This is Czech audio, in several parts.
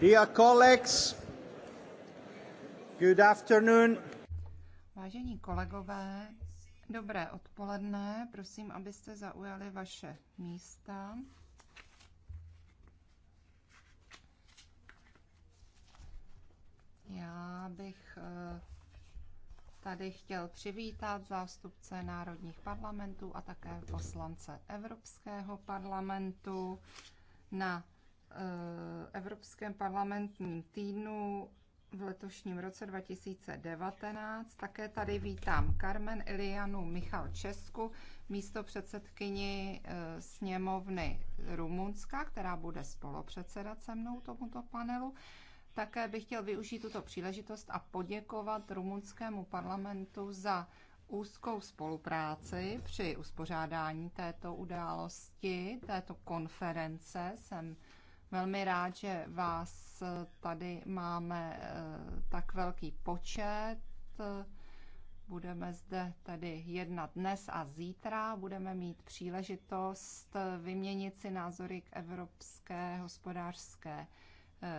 Dear colleagues, good afternoon. Vážení kolegové, dobré odpoledne. Prosím, abyste zaujali vaše místa. Já bych eh, tady chtěl přivítat zástupce národních parlamentů a také poslance Evropského parlamentu na Eh, Evropském parlamentním týdnu v letošním roce 2019. Také tady vítám Carmen Ilianu Michal Česku, místo předsedkyni eh, sněmovny Rumunska, která bude spolupředsedat se mnou tomuto panelu. Také bych chtěl využít tuto příležitost a poděkovat rumunskému parlamentu za úzkou spolupráci při uspořádání této události, této konference. Jsem velmi rád, že vás eh, tady máme eh, tak velký počet. Budeme zde tady jednat dnes a zítra. Budeme mít příležitost eh, vyměnit si názory k evropské hospodářské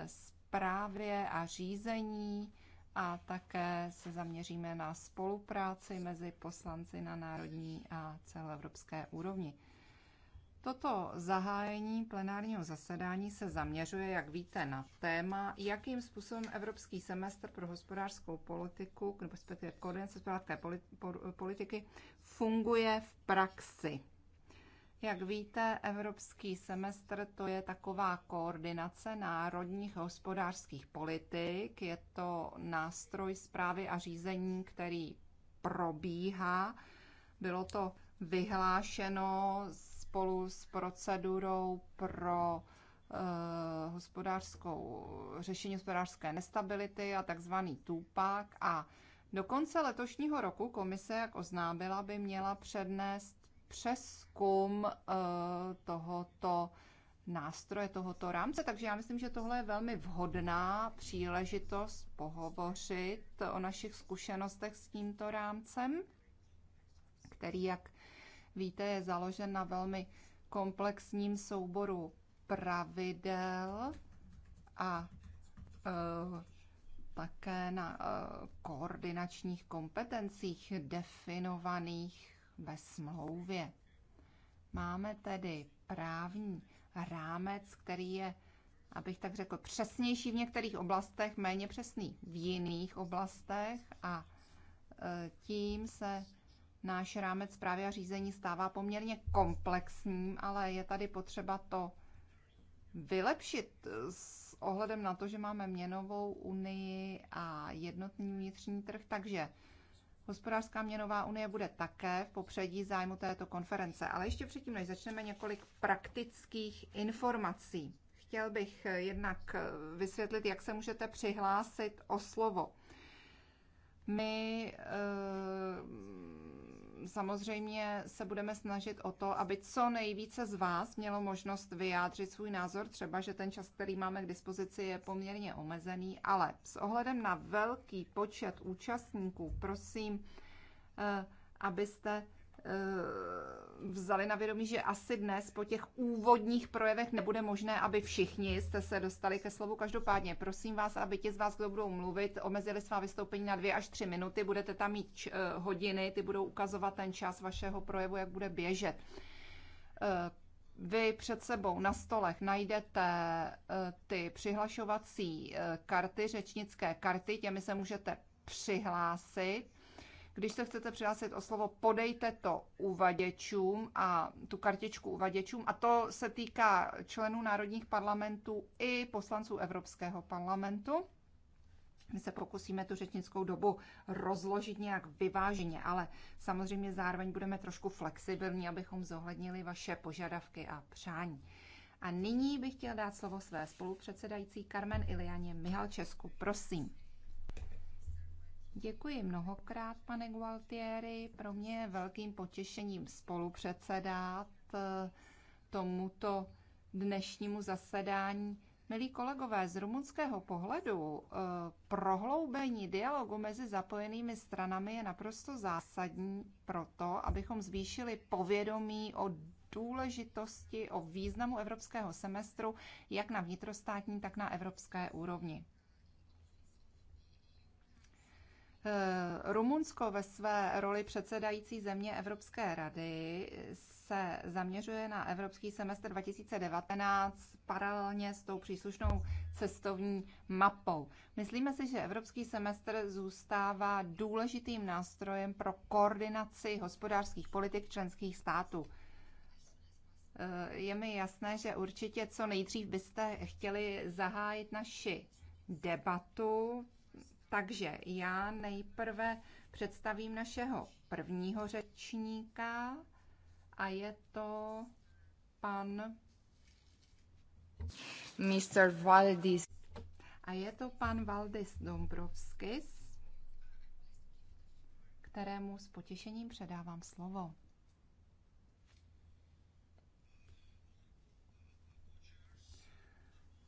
správě a řízení a také se zaměříme na spolupráci mezi poslanci na národní a celoevropské úrovni. Toto zahájení plenárního zasedání se zaměřuje, jak víte, na téma, jakým způsobem Evropský semestr pro hospodářskou politiku, respektive koordinace hospodářské politiky, funguje v praxi. Jak víte, Evropský semestr to je taková koordinace národních hospodářských politik. Je to nástroj zprávy a řízení, který probíhá. Bylo to vyhlášeno z spolu s procedurou pro uh, hospodářskou, řešení hospodářské nestability a takzvaný TUPAC a do konce letošního roku komise, jak oznámila, by měla přednést přeskum uh, tohoto nástroje, tohoto rámce. Takže já myslím, že tohle je velmi vhodná příležitost pohovořit o našich zkušenostech s tímto rámcem, který, jak víte, je založen na velmi komplexním souboru pravidel a e, také na e, koordinačních kompetencích definovaných ve smlouvě. Máme tedy právní rámec, který je, abych tak řekl, přesnější v některých oblastech, méně přesný v jiných oblastech a eh, tím se náš rámec právě a řízení stává poměrně komplexním, ale je tady potřeba to vylepšit s ohledem na to, že máme měnovou unii a jednotný vnitřní trh, takže hospodářská měnová unie bude také v popředí zájmu této konference. Ale ještě předtím, než začneme, několik praktických informací. Chtěl bych jednak vysvětlit, jak se můžete přihlásit o slovo. My eh, samozřejmě se budeme snažit o to, aby co nejvíce z vás mělo možnost vyjádřit svůj názor, třeba, že ten čas, který máme k dispozici, je poměrně omezený, ale s ohledem na velký počet účastníků, prosím, eh, abyste Eh, vzali na vědomí, že asi dnes po těch úvodních projevech nebude možné, aby všichni jste se dostali ke slovu. Každopádně prosím vás, aby ti z vás, kdo budou mluvit, omezili svá vystoupení na dvě až tři minuty. Budete tam mít eh, hodiny, ty budou ukazovat ten čas vašeho projevu, jak bude běžet. Eh, vy před sebou na stolech najdete ty přihlašovací karty, řečnické karty, těmi se můžete přihlásit. Když se chcete přihlásit o slovo, podejte to uvaděčům a tu kartičku uvaděčům. A to se týká členů národních parlamentů i poslanců Evropského parlamentu. My se pokusíme tu řečnickou dobu rozložit nějak vyváženě, ale samozřejmě zároveň budeme trošku flexibilní, abychom zohlednili vaše požadavky a přání. A nyní bych chtěl dát slovo své spolupředsedající Carmen Ilianě Mihalčesku. Prosím. Děkuji mnohokrát, pane Gualtieri. Pro mě je velkým potěšením spolupředsedat eh, tomuto dnešnímu zasedání. Milí kolegové, z rumunského pohledu eh, prohloubení dialogu mezi zapojenými stranami je naprosto zásadní pro to, abychom zvýšili povědomí o důležitosti, o významu evropského semestru, jak na vnitrostátní, tak na evropské úrovni. Eh, Rumunsko ve své roli předsedající země Evropské rady se zaměřuje na Evropský semestr 2019 paralelně s tou příslušnou cestovní mapou. Myslíme si, že Evropský semestr zůstává důležitým nástrojem pro koordinaci hospodářských politik členských států. Eh, je mi jasné, že určitě co nejdřív byste chtěli zahájit naši debatu takže já nejprve představím našeho prvního řečníka a je to pan Mr. Valdis. A je to pan Valdis Dombrovskis, kterému s potěšením předávám slovo.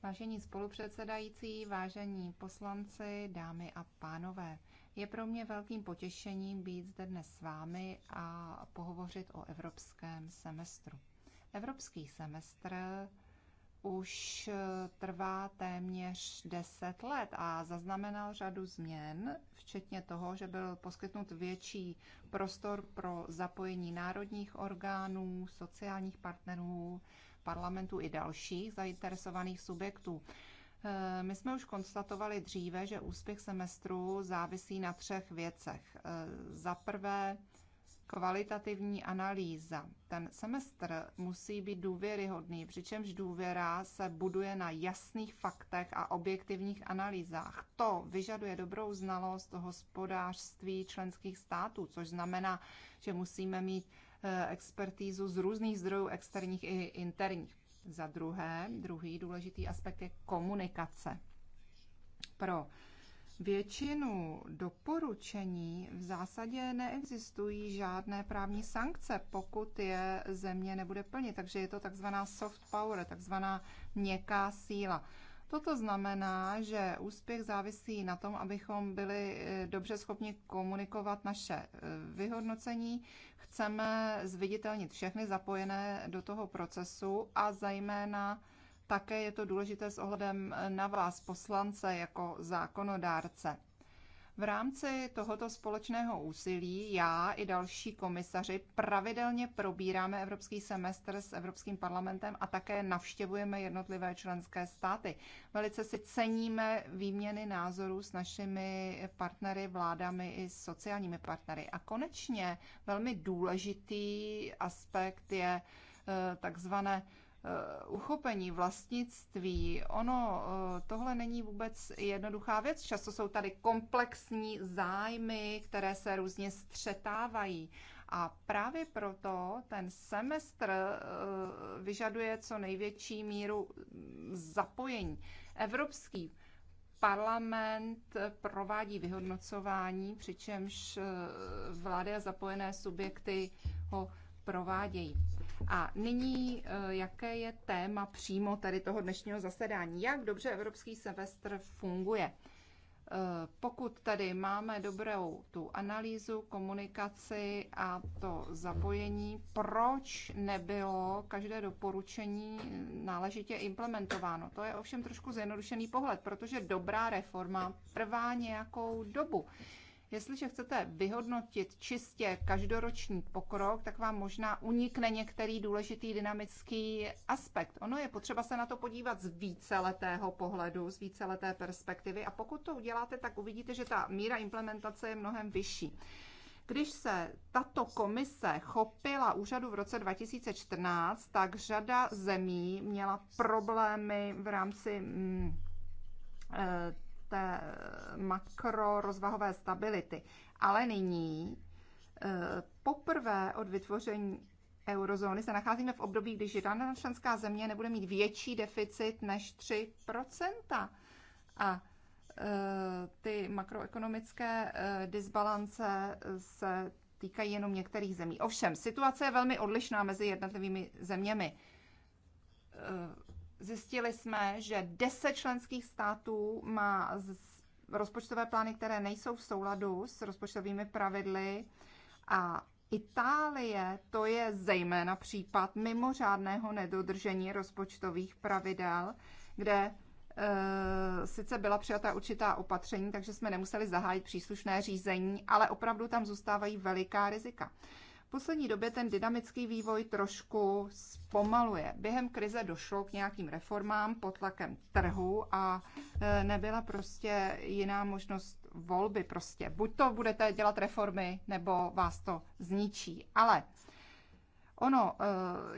Vážení spolupředsedající, vážení poslanci, dámy a pánové, je pro mě velkým potěšením být zde dnes s vámi a pohovořit o evropském semestru. Evropský semestr už trvá téměř 10 let a zaznamenal řadu změn, včetně toho, že byl poskytnut větší prostor pro zapojení národních orgánů, sociálních partnerů, parlamentu i dalších zainteresovaných subjektů. Eh, my jsme už konstatovali dříve, že úspěch semestru závisí na třech věcech. Eh, za prvé, kvalitativní analýza. Ten semestr musí být důvěryhodný, přičemž důvěra se buduje na jasných faktech a objektivních analýzách. To vyžaduje dobrou znalost hospodářství členských států, což znamená, že musíme mít Eh, expertízu z různých zdrojů, externích i interních. Za druhé, druhý důležitý aspekt je komunikace. Pro většinu doporučení v zásadě neexistují žádné právní sankce, pokud je země nebude plnit. Takže je to takzvaná soft power, takzvaná měkká síla. Toto znamená, že úspěch závisí na tom, abychom byli eh, dobře schopni komunikovat naše eh, vyhodnocení. Chceme zviditelnit všechny zapojené do toho procesu a zejména také je to důležité s ohledem eh, na vás, poslance, jako zákonodárce. V rámci tohoto společného úsilí já i další komisaři pravidelně probíráme evropský semestr s Evropským parlamentem a také navštěvujeme jednotlivé členské státy. Velice si ceníme výměny názorů s našimi partnery, vládami i sociálními partnery. A konečně velmi důležitý aspekt je eh, takzvané Eh, uchopení vlastnictví, ono eh, tohle není vůbec jednoduchá věc. Často jsou tady komplexní zájmy, které se různě střetávají. A právě proto ten semestr eh, vyžaduje co největší míru zapojení. Evropský parlament provádí vyhodnocování, přičemž vlády a zapojené subjekty ho provádějí. A nyní, eh, jaké je téma přímo tady toho dnešního zasedání? Jak dobře evropský semestr funguje? Eh, pokud tady máme dobrou tu analýzu, komunikaci a to zapojení, proč nebylo každé doporučení náležitě implementováno? To je ovšem trošku zjednodušený pohled, protože dobrá reforma trvá nějakou dobu. Jestliže chcete vyhodnotit čistě každoroční pokrok, tak vám možná unikne některý důležitý dynamický aspekt. Ono je potřeba se na to podívat z víceletého pohledu, z víceleté perspektivy a pokud to uděláte, tak uvidíte, že ta míra implementace je mnohem vyšší. Když se tato komise chopila úřadu v roce 2014, tak řada zemí měla problémy v rámci mm, eh, té makrorozvahové stability. Ale nyní eh, poprvé od vytvoření eurozóny se nacházíme v období, když žádná členská země nebude mít větší deficit než 3 A eh, ty makroekonomické eh, disbalance se týkají jenom některých zemí. Ovšem, situace je velmi odlišná mezi jednotlivými zeměmi Zjistili jsme, že 10 členských států má rozpočtové plány, které nejsou v souladu s rozpočtovými pravidly a Itálie to je zejména případ mimořádného nedodržení rozpočtových pravidel, kde e, sice byla přijata určitá opatření, takže jsme nemuseli zahájit příslušné řízení, ale opravdu tam zůstávají veliká rizika poslední době ten dynamický vývoj trošku zpomaluje. Během krize došlo k nějakým reformám pod tlakem trhu a e, nebyla prostě jiná možnost volby prostě. Buď to budete dělat reformy, nebo vás to zničí. Ale Ono e,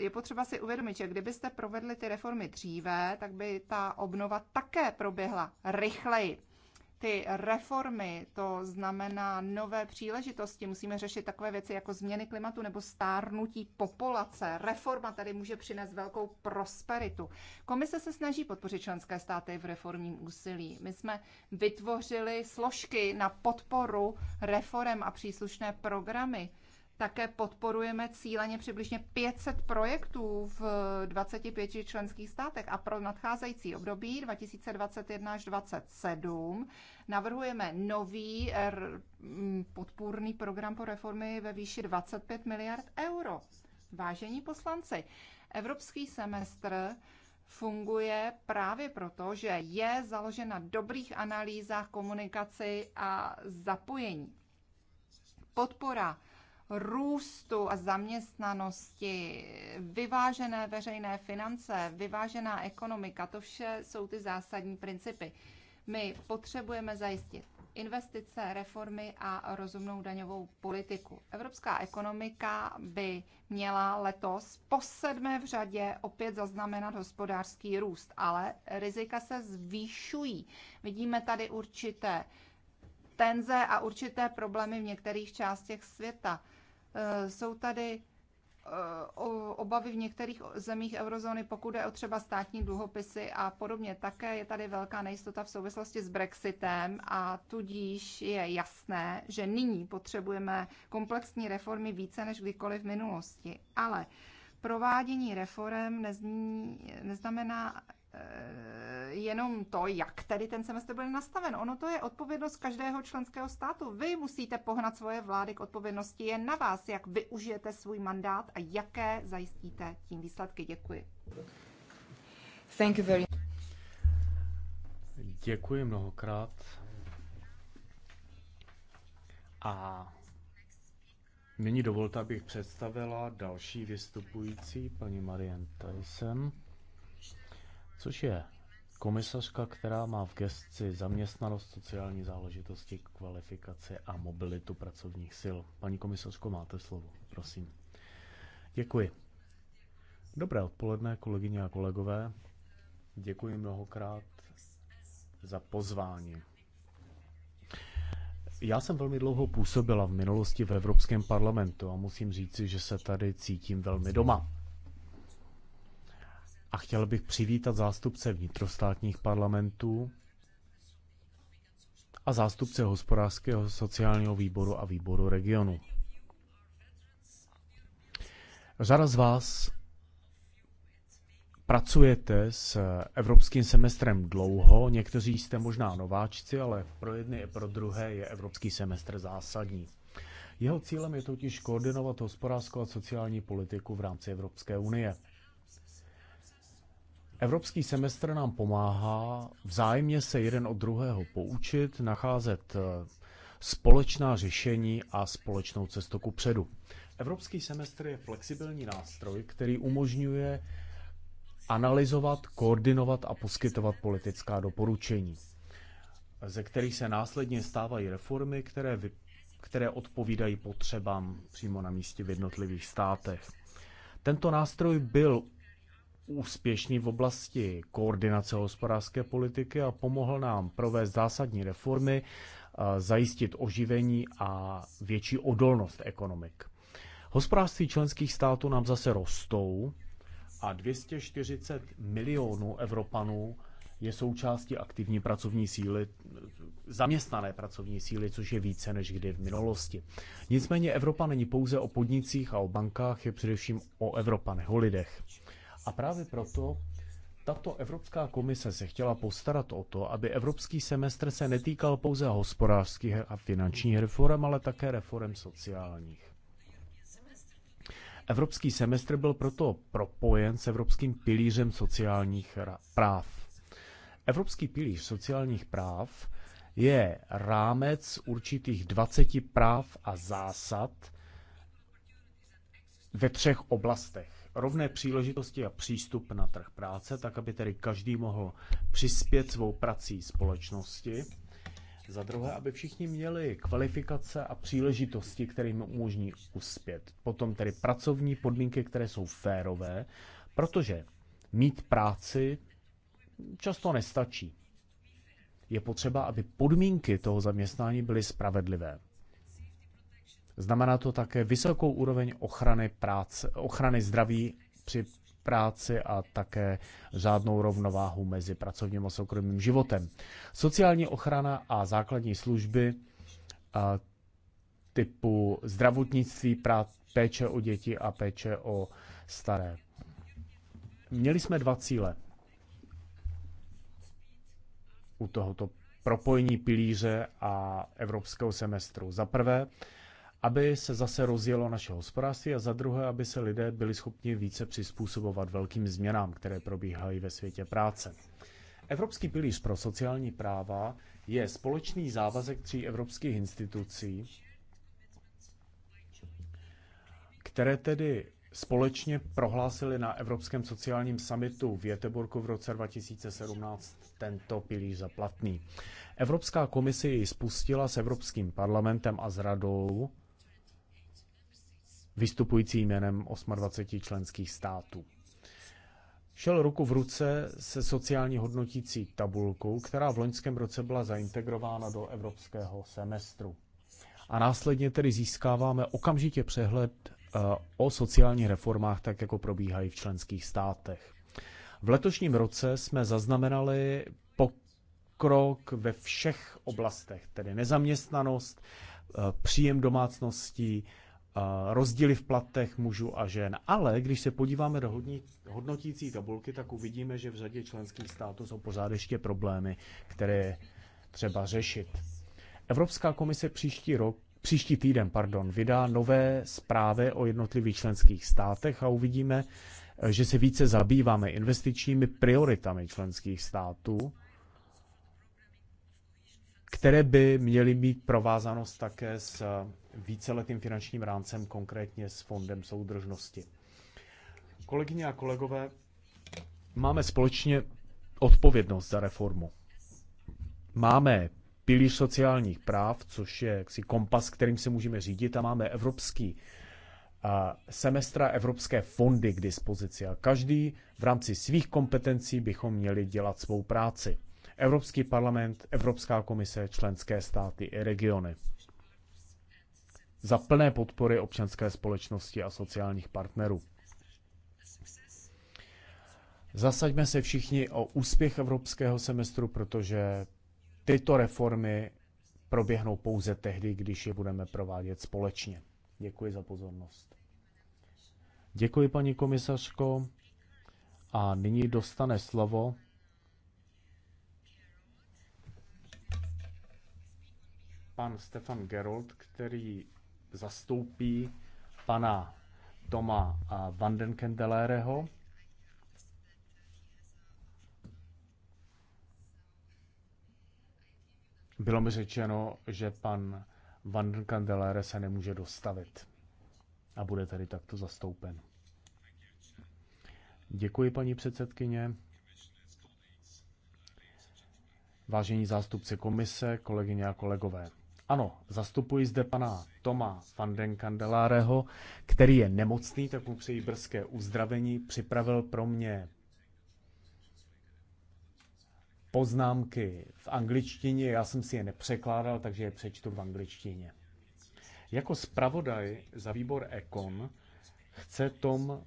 je potřeba si uvědomit, že kdybyste provedli ty reformy dříve, tak by ta obnova také proběhla rychleji ty reformy, to znamená nové příležitosti, musíme řešit takové věci jako změny klimatu nebo stárnutí populace. Reforma tady může přinést velkou prosperitu. Komise se snaží podpořit členské státy v reformním úsilí. My jsme vytvořili složky na podporu reform a příslušné programy. Také podporujeme cíleně přibližně 500 projektů v 25 členských státech a pro nadcházející období 2021 až 2027 navrhujeme nový podpůrný program po reformy ve výši 25 miliard euro. Vážení poslanci, evropský semestr funguje právě proto, že je založen na dobrých analýzách, komunikaci a zapojení. Podpora růstu a zaměstnanosti, vyvážené veřejné finance, vyvážená ekonomika, to vše jsou ty zásadní principy. My potřebujeme zajistit investice, reformy a rozumnou daňovou politiku. Evropská ekonomika by měla letos po sedmé v řadě opět zaznamenat hospodářský růst, ale rizika se zvýšují. Vidíme tady určité tenze a určité problémy v některých částech světa. Eh, jsou tady eh, obavy v některých zemích eurozóny, pokud je o třeba státní dluhopisy a podobně. Také je tady velká nejistota v souvislosti s Brexitem a tudíž je jasné, že nyní potřebujeme komplexní reformy více než kdykoliv v minulosti. Ale provádění reform nezní, neznamená Eh, jenom to, jak tedy ten semestr bude nastaven. Ono to je odpovědnost každého členského státu. Vy musíte pohnat svoje vlády k odpovědnosti. Je na vás, jak využijete svůj mandát a jaké zajistíte tím výsledky. Děkuji. Thank you very Děkuji mnohokrát. A nyní dovolte, abych představila další vystupující, paní Marian Tyson což je komisařka, která má v gestci zaměstnanost, sociální záležitosti, kvalifikaci a mobilitu pracovních sil. Paní komisařko, máte slovo, prosím. Děkuji. Dobré odpoledne, kolegyně a kolegové. Děkuji mnohokrát za pozvání. Já jsem velmi dlouho působila v minulosti v Evropském parlamentu a musím říci, že se tady cítím velmi doma a chtěl bych přivítat zástupce vnitrostátních parlamentů a zástupce hospodářského sociálního výboru a výboru regionu. Řada z vás pracujete s evropským semestrem dlouho, někteří jste možná nováčci, ale pro jedny i pro druhé je evropský semestr zásadní. Jeho cílem je totiž koordinovat hospodářskou a sociální politiku v rámci Evropské unie. Evropský semestr nám pomáhá vzájemně se jeden od druhého poučit, nacházet eh, společná řešení a společnou cestu ku předu. Evropský semestr je flexibilní nástroj, který umožňuje analyzovat, koordinovat a poskytovat politická doporučení, ze kterých se následně stávají reformy, které, vy, které odpovídají potřebám přímo na místě v jednotlivých státech. Tento nástroj byl úspěšný v oblasti koordinace hospodářské politiky a pomohl nám provést zásadní reformy, zajistit oživení a větší odolnost ekonomik. Hospodářství členských států nám zase rostou a 240 milionů Evropanů je součástí aktivní pracovní síly, zaměstnané pracovní síly, což je více než kdy v minulosti. Nicméně Evropa není pouze o podnicích a o bankách, je především o Evropanech, o lidech. A právě proto tato Evropská komise se chtěla postarat o to, aby evropský semestr se netýkal pouze hospodářských a finančních reform, ale také reform sociálních. Evropský semestr byl proto propojen s Evropským pilířem sociálních práv. Evropský pilíř sociálních práv je rámec určitých 20 práv a zásad ve třech oblastech rovné příležitosti a přístup na trh práce, tak aby tedy každý mohl přispět svou prací společnosti. Za druhé, aby všichni měli kvalifikace a příležitosti, které jim umožní uspět. Potom tedy pracovní podmínky, které jsou férové, protože mít práci často nestačí. Je potřeba, aby podmínky toho zaměstnání byly spravedlivé. Znamená to také vysokou úroveň ochrany, práce, ochrany zdraví při práci a také řádnou rovnováhu mezi pracovním a soukromým životem. Sociální ochrana a základní služby a typu zdravotnictví, prá, péče o děti a péče o staré. Měli jsme dva cíle u tohoto propojení pilíře a evropského semestru. Za prvé, aby se zase rozjelo naše hospodářství a za druhé, aby se lidé byli schopni více přizpůsobovat velkým změnám, které probíhají ve světě práce. Evropský pilíř pro sociální práva je společný závazek tří evropských institucí, které tedy společně prohlásili na Evropském sociálním summitu v Jeteborku v roce 2017 tento pilíř zaplatný. Evropská komise ji spustila s Evropským parlamentem a s radou vystupující jménem 28 členských států. Šel ruku v ruce se sociální hodnotící tabulkou, která v loňském roce byla zaintegrována do evropského semestru. A následně tedy získáváme okamžitě přehled eh, o sociálních reformách, tak jako probíhají v členských státech. V letošním roce jsme zaznamenali pokrok ve všech oblastech, tedy nezaměstnanost, eh, příjem domácností, rozdíly v platech mužů a žen. Ale když se podíváme do hodnotící tabulky, tak uvidíme, že v řadě členských států jsou pořád ještě problémy, které třeba řešit. Evropská komise příští rok příští týden pardon, vydá nové zprávy o jednotlivých členských státech a uvidíme, že se více zabýváme investičními prioritami členských států, které by měly být provázanost také s víceletým finančním rámcem, konkrétně s Fondem soudržnosti. Kolegyně a kolegové, máme společně odpovědnost za reformu. Máme pilíř sociálních práv, což je jaksi kompas, kterým se můžeme řídit a máme evropský semestra evropské fondy k dispozici a každý v rámci svých kompetencí bychom měli dělat svou práci. Evropský parlament, Evropská komise, členské státy i regiony za plné podpory občanské společnosti a sociálních partnerů. Zasaďme se všichni o úspěch evropského semestru, protože tyto reformy proběhnou pouze tehdy, když je budeme provádět společně. Děkuji za pozornost. Děkuji, paní komisařko. A nyní dostane slovo pan Stefan Gerold, který zastoupí pana Toma eh, Vandenkendelereho. Bylo mi řečeno, že pan Vandenkendelere se nemůže dostavit a bude tady takto zastoupen. Děkuji, paní předsedkyně. Vážení zástupci komise, kolegyně a kolegové, ano, zastupuji zde pana Toma van den který je nemocný, tak mu přeji brzké uzdravení. Připravil pro mě poznámky v angličtině, já jsem si je nepřekládal, takže je přečtu v angličtině. Jako zpravodaj za výbor Econ chce Tom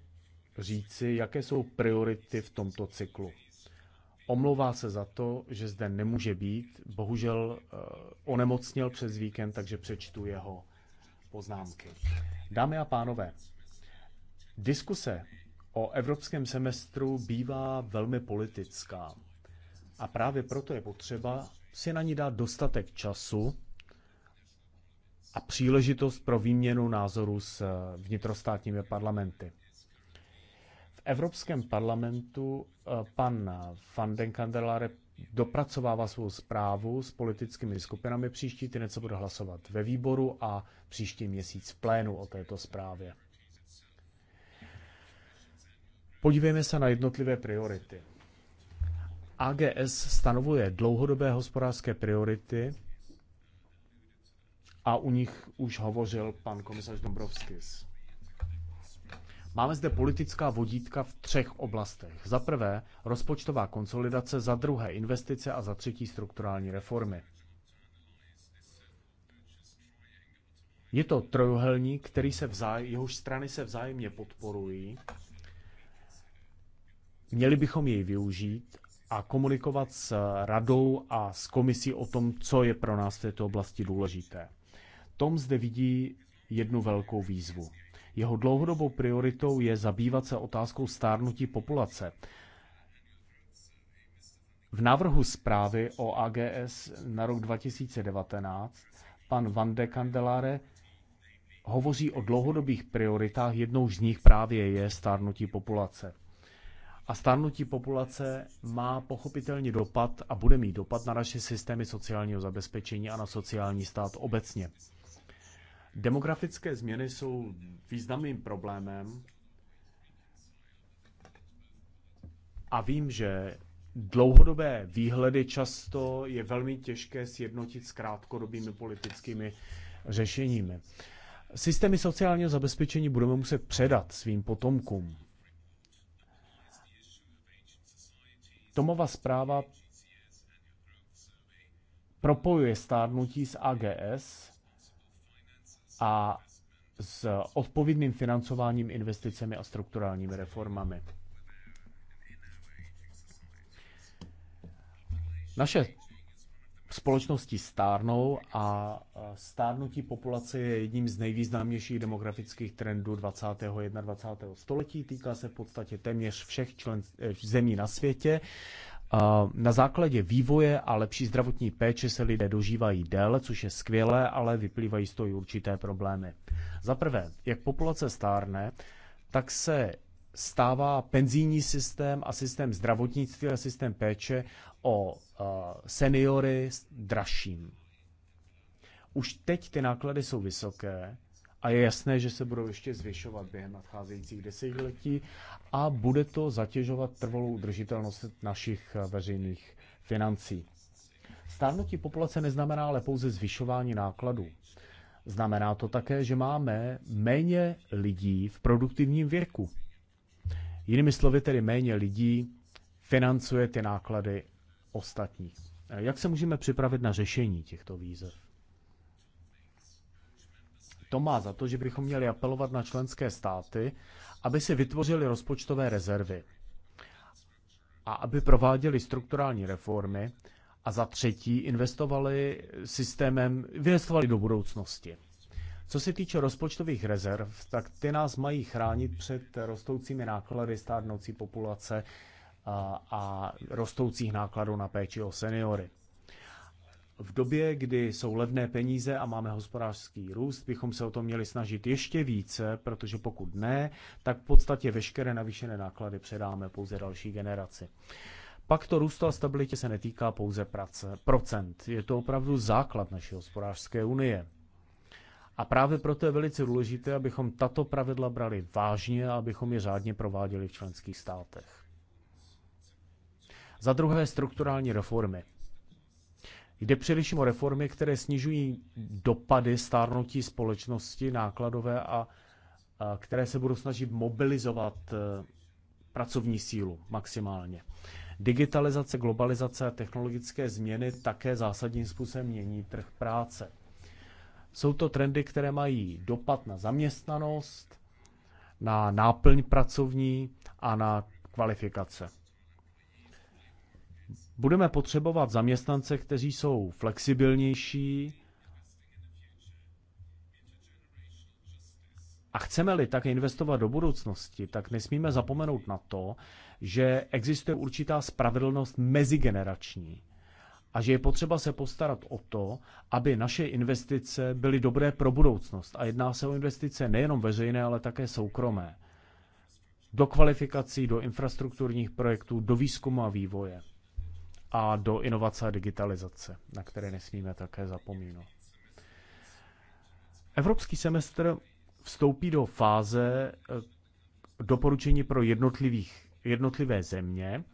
říci, jaké jsou priority v tomto cyklu. Omlouvá se za to, že zde nemůže být. Bohužel eh, onemocněl přes víkend, takže přečtu jeho poznámky. Dámy a pánové, diskuse o evropském semestru bývá velmi politická. A právě proto je potřeba si na ní dát dostatek času a příležitost pro výměnu názorů s eh, vnitrostátními parlamenty. Evropském parlamentu eh, pan van den Kandelare dopracovává svou zprávu s politickými skupinami. Příští týden se bude hlasovat ve výboru a příští měsíc v plénu o této zprávě. Podívejme se na jednotlivé priority. AGS stanovuje dlouhodobé hospodářské priority a u nich už hovořil pan komisař Dombrovskis. Máme zde politická vodítka v třech oblastech. Za prvé rozpočtová konsolidace, za druhé investice a za třetí strukturální reformy. Je to trojuhelník, který se vzáj, jehož strany se vzájemně podporují. Měli bychom jej využít a komunikovat s radou a s komisí o tom, co je pro nás v této oblasti důležité. Tom zde vidí jednu velkou výzvu. Jeho dlouhodobou prioritou je zabývat se otázkou stárnutí populace. V návrhu zprávy o AGS na rok 2019 pan Van de Candelare hovoří o dlouhodobých prioritách, jednou z nich právě je stárnutí populace. A stárnutí populace má pochopitelně dopad a bude mít dopad na naše systémy sociálního zabezpečení a na sociální stát obecně. Demografické změny jsou významným problémem a vím, že dlouhodobé výhledy často je velmi těžké sjednotit s krátkodobými politickými řešeními. Systémy sociálního zabezpečení budeme muset předat svým potomkům. Tomová zpráva propojuje stárnutí s AGS a s odpovědným financováním, investicemi a strukturálními reformami. Naše společnosti stárnou a stárnutí populace je jedním z nejvýznamnějších demografických trendů 20. 21. století. Týká se v podstatě téměř všech člen, eh, zemí na světě na základě vývoje a lepší zdravotní péče se lidé dožívají déle, což je skvělé, ale vyplývají z toho i určité problémy. Za prvé, jak populace stárne, tak se stává penzijní systém a systém zdravotnictví a systém péče o uh, seniory dražším. Už teď ty náklady jsou vysoké a je jasné, že se budou ještě zvyšovat během nadcházejících desetiletí a bude to zatěžovat trvalou udržitelnost našich eh, veřejných financí. Stárnutí populace neznamená ale pouze zvyšování nákladů. Znamená to také, že máme méně lidí v produktivním věku. Jinými slovy, tedy méně lidí financuje ty náklady ostatních. Eh, jak se můžeme připravit na řešení těchto výzev? To má za to, že bychom měli apelovat na členské státy, aby si vytvořili rozpočtové rezervy a aby prováděli strukturální reformy a za třetí investovali systémem, investovali do budoucnosti. Co se týče rozpočtových rezerv, tak ty nás mají chránit před rostoucími náklady stárnoucí populace a, a rostoucích nákladů na péči o seniory. V době, kdy jsou levné peníze a máme hospodářský růst, bychom se o to měli snažit ještě více, protože pokud ne, tak v podstatě veškeré navýšené náklady předáme pouze další generaci. Pak to růstu a stabilitě se netýká pouze prace, procent. Je to opravdu základ naší hospodářské unie. A právě proto je velice důležité, abychom tato pravidla brali vážně a abychom je řádně prováděli v členských státech. Za druhé strukturální reformy. Jde především o reformy, které snižují dopady stárnutí společnosti nákladové a, a které se budou snažit mobilizovat e, pracovní sílu maximálně. Digitalizace, globalizace a technologické změny také zásadním způsobem mění trh práce. Jsou to trendy, které mají dopad na zaměstnanost, na náplň pracovní a na kvalifikace. Budeme potřebovat zaměstnance, kteří jsou flexibilnější a chceme-li tak investovat do budoucnosti, tak nesmíme zapomenout na to, že existuje určitá spravedlnost mezigenerační a že je potřeba se postarat o to, aby naše investice byly dobré pro budoucnost. A jedná se o investice nejenom veřejné, ale také soukromé. Do kvalifikací, do infrastrukturních projektů, do výzkumu a vývoje a do inovace a digitalizace, na které nesmíme také zapomínat. Evropský semestr vstoupí do fáze eh, doporučení pro jednotlivých, jednotlivé země.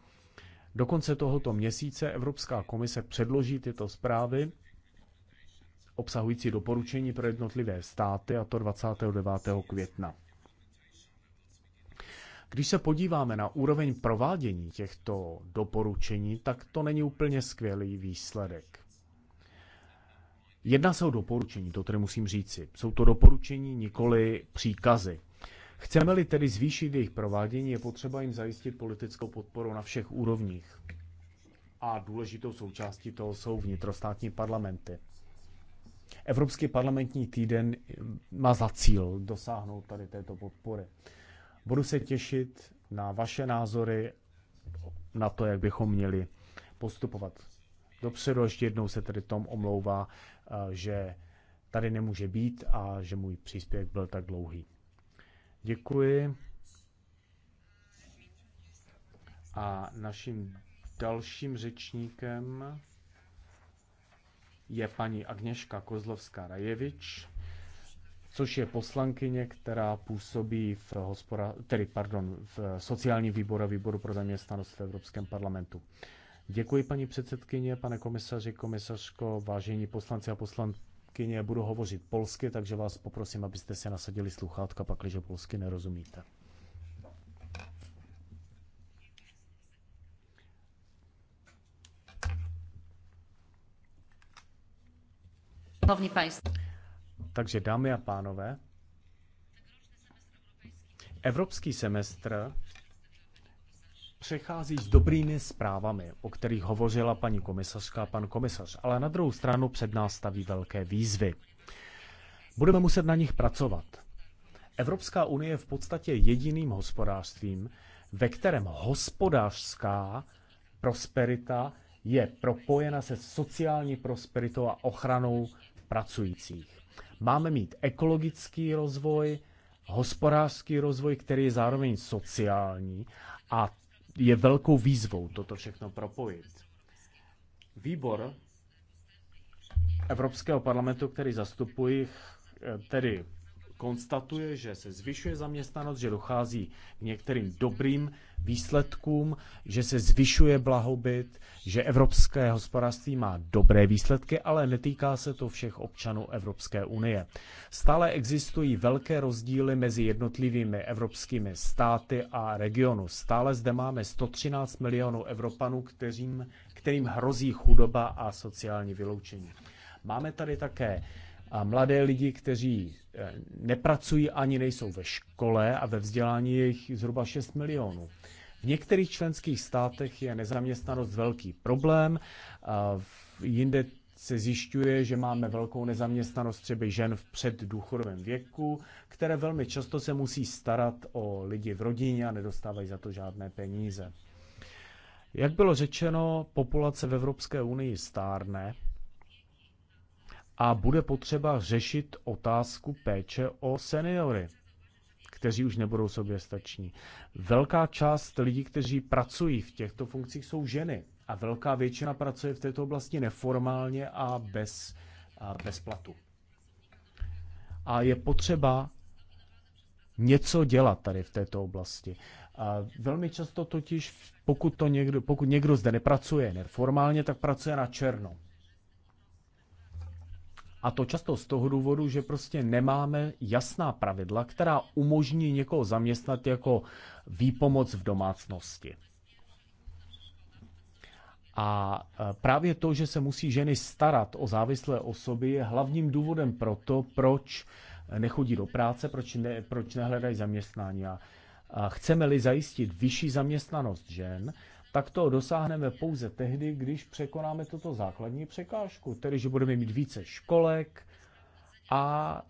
Do konce tohoto měsíce Evropská komise předloží tyto zprávy obsahující doporučení pro jednotlivé státy, a to 29. května. Když se podíváme na úroveň provádění těchto doporučení, tak to není úplně skvělý výsledek. Jedná se o doporučení, to tedy musím říci. Jsou to doporučení, nikoli příkazy. Chceme-li tedy zvýšit jejich provádění, je potřeba jim zajistit politickou podporu na všech úrovních. A důležitou součástí toho jsou vnitrostátní parlamenty. Evropský parlamentní týden má za cíl dosáhnout tady této podpory. Budu se těšit na vaše názory, na to, jak bychom měli postupovat. Dopředu ještě jednou se tedy Tom omlouvá, eh, že tady nemůže být a že můj příspěvek byl tak dlouhý. Děkuji. A naším dalším řečníkem je paní Agněška Kozlovská-Rajevič, což je poslankyně, která působí v, hospora, tedy, pardon, v sociální výboru a výboru pro zaměstnanost v Evropském parlamentu. Děkuji paní předsedkyně, pane komisaři, komisařko, vážení poslanci a poslankyně, budu hovořit polsky, takže vás poprosím, abyste se nasadili sluchátka, pakliže polsky nerozumíte. Szanowni Państwo. Takže dámy a pánové, evropský semestr přechází s dobrými zprávami, o kterých hovořila paní komisařka a pan komisař, ale na druhou stranu před nás staví velké výzvy. Budeme muset na nich pracovat. Evropská unie je v podstatě jediným hospodářstvím, ve kterém hospodářská prosperita je propojena se sociální prosperitou a ochranou pracujících. Máme mít ekologický rozvoj, hospodářský rozvoj, který je zároveň sociální a je velkou výzvou toto všechno propojit. Výbor Evropského parlamentu, který zastupuji, eh, tedy konstatuje, že se zvyšuje zaměstnanost, že dochází k některým dobrým výsledkům, že se zvyšuje blahobyt, že evropské hospodářství má dobré výsledky, ale netýká se to všech občanů Evropské unie. Stále existují velké rozdíly mezi jednotlivými evropskými státy a regionu. Stále zde máme 113 milionů Evropanů, kterým, kterým hrozí chudoba a sociální vyloučení. Máme tady také a mladé lidi, kteří eh, nepracují ani nejsou ve škole a ve vzdělání je jich zhruba 6 milionů. V některých členských státech je nezaměstnanost velký problém, a jinde se zjišťuje, že máme velkou nezaměstnanost třeba žen v předdůchodovém věku, které velmi často se musí starat o lidi v rodině a nedostávají za to žádné peníze. Jak bylo řečeno, populace v Evropské unii stárne a bude potřeba řešit otázku péče o seniory, kteří už nebudou sobě stační. Velká část lidí, kteří pracují v těchto funkcích, jsou ženy a velká většina pracuje v této oblasti neformálně a bez, a bez platu. A je potřeba něco dělat tady v této oblasti. A velmi často totiž, pokud, to někdo, pokud někdo zde nepracuje neformálně, tak pracuje na černo. A to často z toho důvodu, že prostě nemáme jasná pravidla, která umožní někoho zaměstnat jako výpomoc v domácnosti. A e, právě to, že se musí ženy starat o závislé osoby, je hlavním důvodem pro to, proč nechodí do práce, proč, ne, proč nehledají zaměstnání. A chceme-li zajistit vyšší zaměstnanost žen, tak to dosáhneme pouze tehdy, když překonáme toto základní překážku, tedy že budeme mít více školek a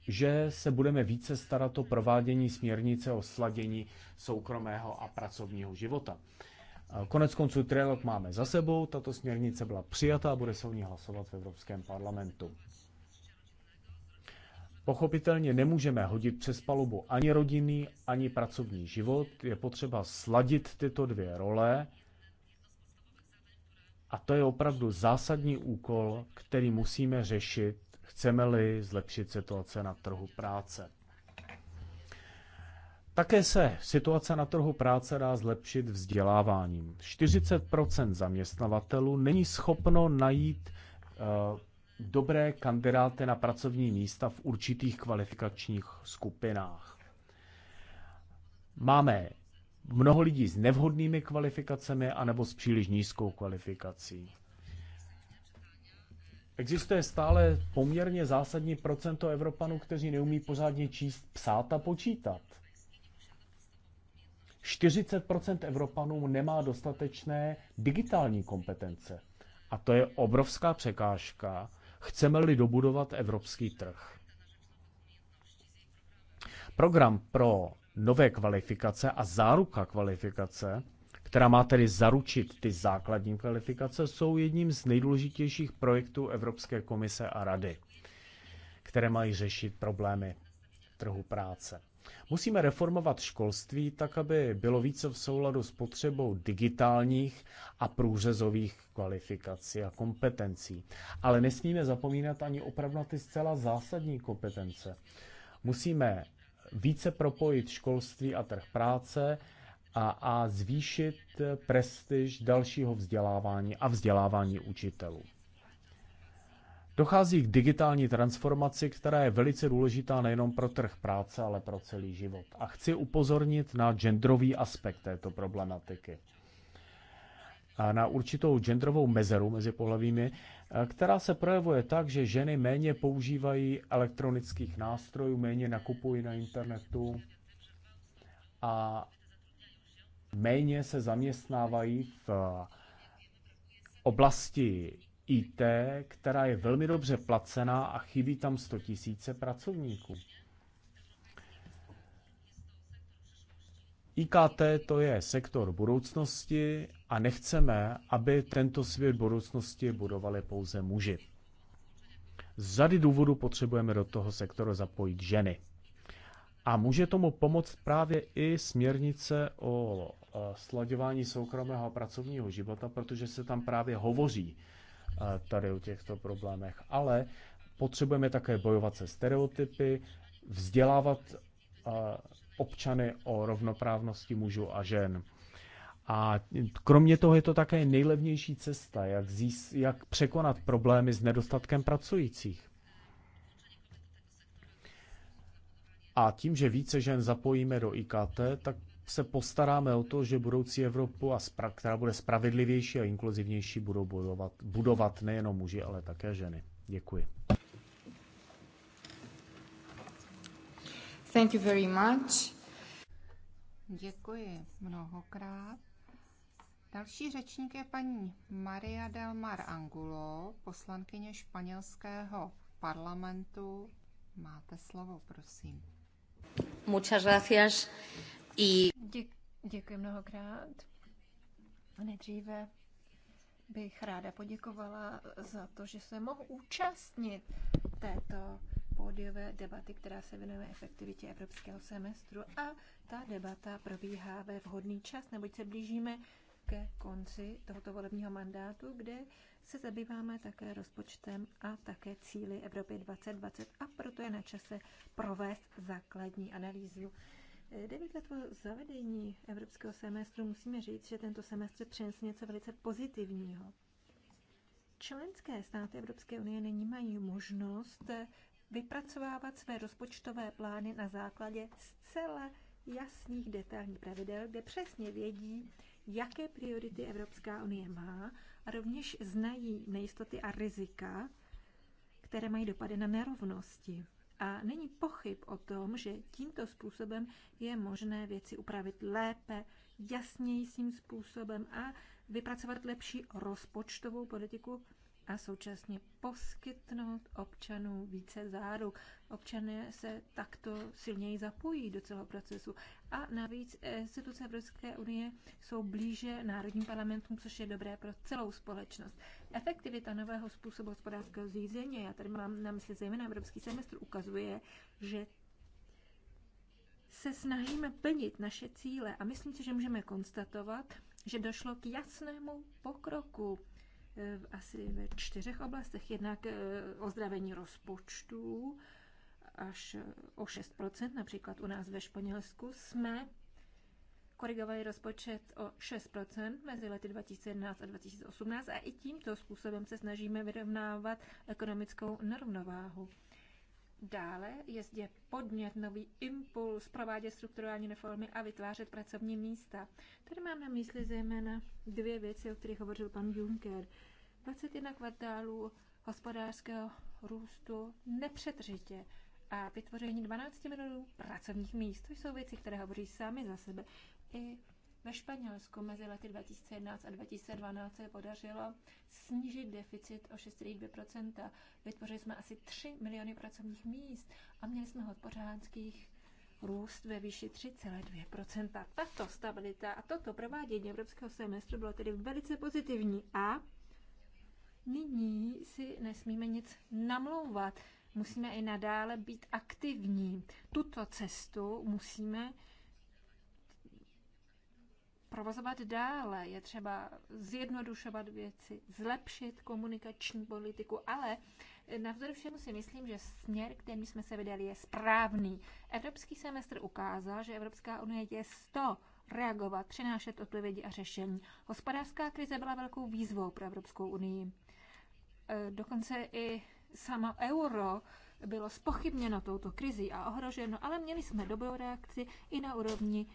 že se budeme více starat o provádění směrnice o sladění soukromého a pracovního života. Konec konců trilog máme za sebou, tato směrnice byla přijata a bude se o ní hlasovat v Evropském parlamentu. Pochopitelně nemůžeme hodit přes palubu ani rodinný, ani pracovní život. Je potřeba sladit tyto dvě role. A to je opravdu zásadní úkol, který musíme řešit, chceme-li zlepšit situace na trhu práce. Také se situace na trhu práce dá zlepšit vzděláváním. 40 zaměstnavatelů není schopno najít eh, dobré kandidáty na pracovní místa v určitých kvalifikačních skupinách. Máme mnoho lidí s nevhodnými kvalifikacemi anebo s příliš nízkou kvalifikací. Existuje stále poměrně zásadní procento Evropanů, kteří neumí pořádně číst, psát a počítat. 40% Evropanů nemá dostatečné digitální kompetence. A to je obrovská překážka chceme-li dobudovat evropský trh. Program pro nové kvalifikace a záruka kvalifikace, která má tedy zaručit ty základní kvalifikace, jsou jedním z nejdůležitějších projektů Evropské komise a Rady, které mají řešit problémy trhu práce. Musíme reformovat školství tak, aby bylo více v souladu s potřebou digitálních a průřezových kvalifikací a kompetencí. Ale nesmíme zapomínat ani opravdu na ty zcela zásadní kompetence. Musíme více propojit školství a trh práce a, a zvýšit prestiž dalšího vzdělávání a vzdělávání učitelů. Dochází k digitální transformaci, která je velice důležitá nejenom pro trh práce, ale pro celý život. A chci upozornit na genderový aspekt této problematiky. A na určitou genderovou mezeru mezi pohlavími, eh, která se projevuje tak, že ženy méně používají elektronických nástrojů, méně nakupují na internetu a méně se zaměstnávají v oblasti IT, která je velmi dobře placená a chybí tam 100 000 pracovníků. IKT to je sektor budoucnosti a nechceme, aby tento svět budoucnosti budovali pouze muži. Z zady důvodu potřebujeme do toho sektoru zapojit ženy. A může tomu pomoct právě i směrnice o e, sladěvání soukromého a pracovního života, protože se tam právě hovoří tady o těchto problémech. Ale potřebujeme také bojovat se stereotypy, vzdělávat občany o rovnoprávnosti mužů a žen. A kromě toho je to také nejlevnější cesta, jak, zís, jak překonat problémy s nedostatkem pracujících. A tím, že více žen zapojíme do IKT, tak se postaráme o to, že budoucí Evropu, a spra- která bude spravedlivější a inkluzivnější, budou budovat, budovat nejenom muži, ale také ženy. Děkuji. Thank you very much. Děkuji mnohokrát. Další řečník je paní Maria del Mar Angulo, poslankyně španělského parlamentu. Máte slovo, prosím. Muchas gracias. I... Děk, děkuji mnohokrát. Nejdříve bych ráda poděkovala za to, že se mohu účastnit této pódiové debaty, která se věnuje efektivitě evropského semestru a ta debata probíhá ve vhodný čas, neboť se blížíme ke konci tohoto volebního mandátu, kde se zabýváme také rozpočtem a také cíly Evropy 2020 a proto je na čase provést základní analýzu Devět let po zavedení evropského semestru musíme říct, že tento semestr přinesl něco velice pozitivního. Členské státy Evropské unie nyní mají možnost vypracovávat své rozpočtové plány na základě zcela jasných detailních pravidel, kde přesně vědí, jaké priority Evropská unie má a rovněž znají nejistoty a rizika, které mají dopady na nerovnosti. A není pochyb o tom, že tímto způsobem je možné věci upravit lépe, jasnějším způsobem a vypracovat lepší rozpočtovou politiku a současně poskytnout občanům více záruk. Občané se takto silněji zapojí do celého procesu a navíc eh, instituce Evropské unie jsou blíže národním parlamentům, což je dobré pro celou společnost. Efektivita nového způsobu hospodářského řízení, já tady mám na mysli zejména Evropský semestr, ukazuje, že se snažíme plnit naše cíle a myslím si, že můžeme konstatovat, že došlo k jasnému pokroku v eh, asi ve čtyřech oblastech. Jednak eh, ozdravení rozpočtů, až o 6%, například u nás ve Španělsku, jsme korigovali rozpočet o 6% mezi lety 2011 a 2018 a i tímto způsobem se snažíme vyrovnávat ekonomickou nerovnováhu. Dále je zde podnět, nový impuls, provádět strukturální reformy a vytvářet pracovní místa. Tady mám na mysli zejména dvě věci, o kterých hovořil pan Juncker. 21 kvartálů hospodářského růstu nepřetržitě a vytvoření 12 milionů pracovních míst. To jsou věci, které hovoří sami za sebe. I ve Španělsku mezi lety 2011 a 2012 se podařilo snížit deficit o 6,2%. Vytvořili jsme asi 3 miliony pracovních míst a měli jsme hospodářských růst ve výši 3,2%. Tato stabilita a toto provádění evropského semestru bylo tedy velice pozitivní a nyní si nesmíme nic namlouvat musíme i nadále být aktivní. Tuto cestu musíme provozovat dále. Je třeba zjednodušovat věci, zlepšit komunikační politiku, ale navzdory všemu si myslím, že směr, kterým jsme se vydali, je správný. Evropský semestr ukázal, že Evropská unie je 100 reagovat, přinášet odpovědi a řešení. Hospodářská krize byla velkou výzvou pro Evropskou unii. E, dokonce i Samo euro bylo spochybněno touto krizí a ohroženo, ale měli jsme dobrou reakci i na úrovni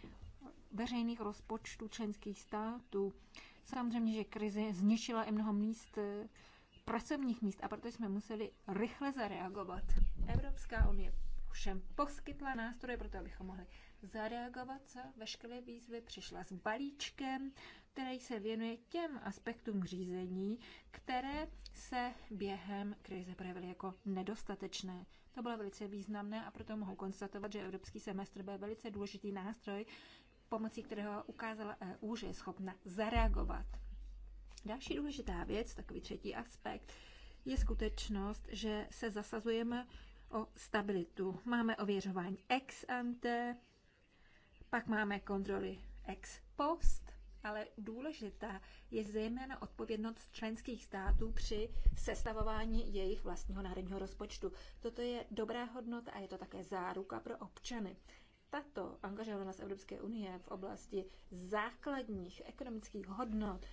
veřejných rozpočtů členských států. Samozřejmě, že krize zničila i mnoho míst, pracovních míst a proto jsme museli rychle zareagovat. Evropská unie všem poskytla nástroje pro to, abychom mohli zareagovat za veškeré výzvy, přišla s balíčkem který se věnuje těm aspektům řízení, které se během krize projevily jako nedostatečné. To bylo velice významné a proto mohu konstatovat, že evropský semestr byl velice důležitý nástroj, pomocí kterého ukázala EU, že je schopna zareagovat. Další důležitá věc, takový třetí aspekt, je skutečnost, že se zasazujeme o stabilitu. Máme ověřování ex ante, pak máme kontroly ex post ale důležitá je zejména odpovědnost členských států při sestavování jejich vlastního národního rozpočtu. Toto je dobrá hodnota a je to také záruka pro občany. Tato angažovanost Evropské unie v oblasti základních ekonomických hodnot,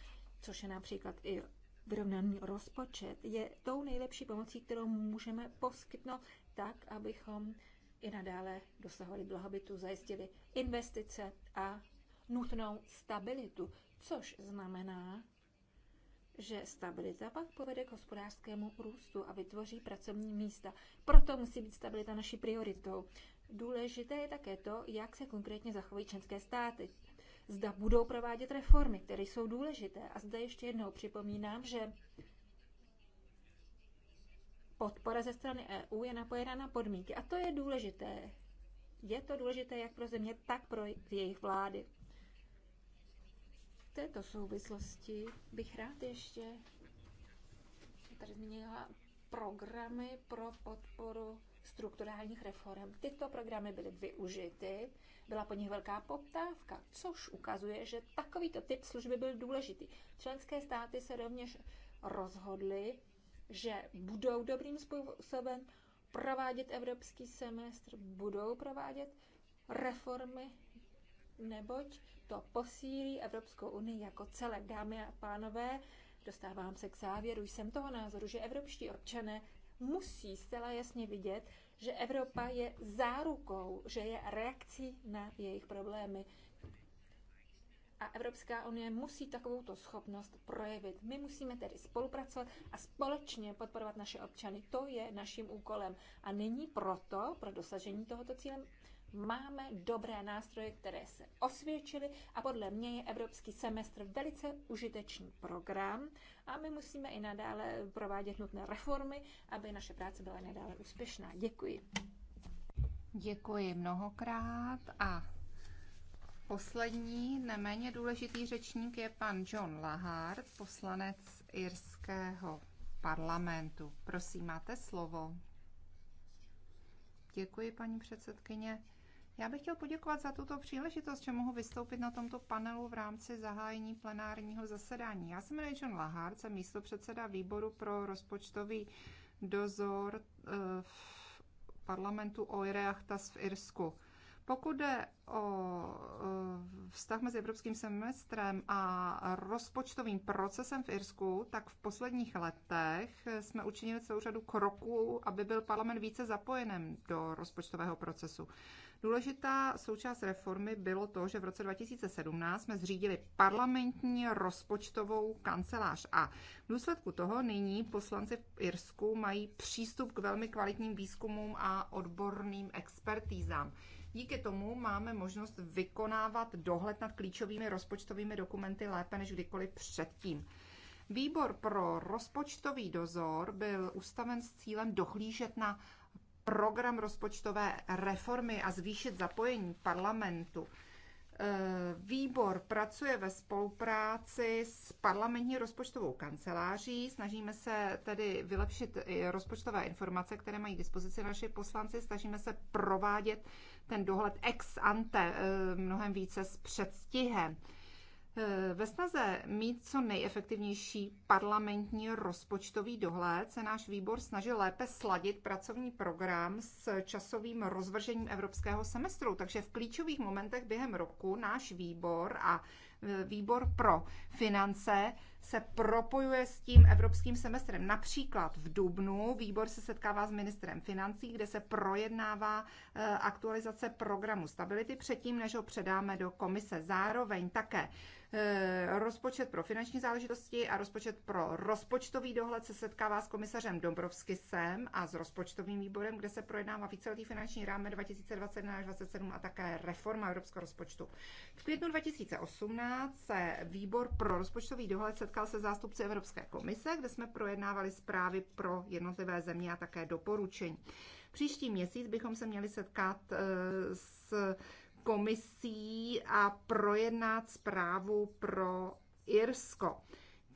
což je například i vyrovnaný rozpočet, je tou nejlepší pomocí, kterou můžeme poskytnout tak, abychom i nadále dosahovali blahobytu, zajistili investice a nutnou stabilitu, což znamená, že stabilita pak povede k hospodářskému růstu a vytvoří pracovní místa. Proto musí být stabilita naší prioritou. Důležité je také to, jak se konkrétně zachovají členské státy. Zda budou provádět reformy, které jsou důležité. A zde ještě jednou připomínám, že podpora ze strany EU je napojena na podmínky. A to je důležité. Je to důležité jak pro země, tak pro jejich vlády této souvislosti bych rád ještě tady zmínila programy pro podporu strukturálních reform. Tyto programy byly využity, byla po nich velká poptávka, což ukazuje, že takovýto typ služby byl důležitý. Členské státy se rovněž rozhodly, že budou dobrým způsobem provádět evropský semestr, budou provádět reformy, neboť to posílí Evropskou unii jako celek. Dámy a pánové, dostávám se k závěru. Jsem toho názoru, že evropští občané musí zcela jasně vidět, že Evropa je zárukou, že je reakcí na jejich problémy. A Evropská unie musí takovouto schopnost projevit. My musíme tedy spolupracovat a společně podporovat naše občany. To je naším úkolem. A není proto, pro dosažení tohoto cíle, Máme dobré nástroje, které se osvědčily a podle mě je evropský semestr velice užitečný program a my musíme i nadále provádět nutné reformy, aby naše práce byla nadále úspěšná. Děkuji. Děkuji mnohokrát a poslední, neméně důležitý řečník je pan John Lahart, poslanec irského parlamentu. Prosím, máte slovo. Děkuji, paní předsedkyně. Já bych chtěl poděkovat za tuto příležitost, že mohu vystoupit na tomto panelu v rámci zahájení plenárního zasedání. Já jsem John Lahard, jsem předseda výboru pro rozpočtový dozor eh, v parlamentu Oireachtas v Irsku. Pokud jde o eh, vztah mezi evropským semestrem a rozpočtovým procesem v Irsku, tak v posledních letech jsme učinili celou řadu kroků, aby byl parlament více zapojenem do rozpočtového procesu. Důležitá součást reformy bylo to, že v roce 2017 jsme zřídili parlamentní rozpočtovou kancelář a v důsledku toho nyní poslanci v Irsku mají přístup k velmi kvalitním výzkumům a odborným expertízám. Díky tomu máme možnost vykonávat dohled nad klíčovými rozpočtovými dokumenty lépe než kdykoliv předtím. Výbor pro rozpočtový dozor byl ustaven s cílem dohlížet na program rozpočtové reformy a zvýšit zapojení parlamentu. E, výbor pracuje ve spolupráci s parlamentní rozpočtovou kanceláří. Snažíme se tedy vylepšit i rozpočtové informace, které mají k dispozici naši poslanci. Snažíme se provádět ten dohled ex ante e, mnohem více s předstihem. Eh, ve snaze mít co nejefektivnější parlamentní rozpočtový dohled se náš výbor snažil lépe sladit pracovní program s časovým rozvržením evropského semestru, takže v klíčových momentech během roku náš výbor a eh, výbor pro finance se propojuje s tím evropským semestrem. Například v Dubnu výbor se setkává s ministrem financí, kde se projednává eh, aktualizace programu stability předtím, než ho předáme do komise. Zároveň také Eh, rozpočet pro finanční záležitosti a rozpočet pro rozpočtový dohled se setkává s komisařem Dombrovskisem a s rozpočtovým výborem, kde se projednává víceletý finanční ráme 2021 až 2027 a také reforma evropského rozpočtu. V květnu 2018 se výbor pro rozpočtový dohled setkal se zástupci Evropské komise, kde jsme projednávali zprávy pro jednotlivé země a také doporučení. Příští měsíc bychom se měli setkat eh, s komisí a projednat zprávu pro Irsko.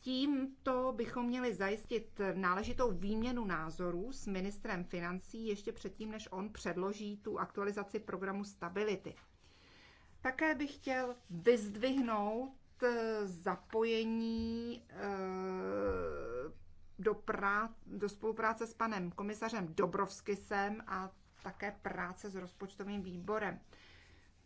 Tímto bychom měli zajistit náležitou výměnu názorů s ministrem financí ještě předtím, než on předloží tu aktualizaci programu stability. Také bych chtěl vyzdvihnout eh, zapojení eh, do, prá- do spolupráce s panem komisařem Dobrovskisem a také práce s rozpočtovým výborem.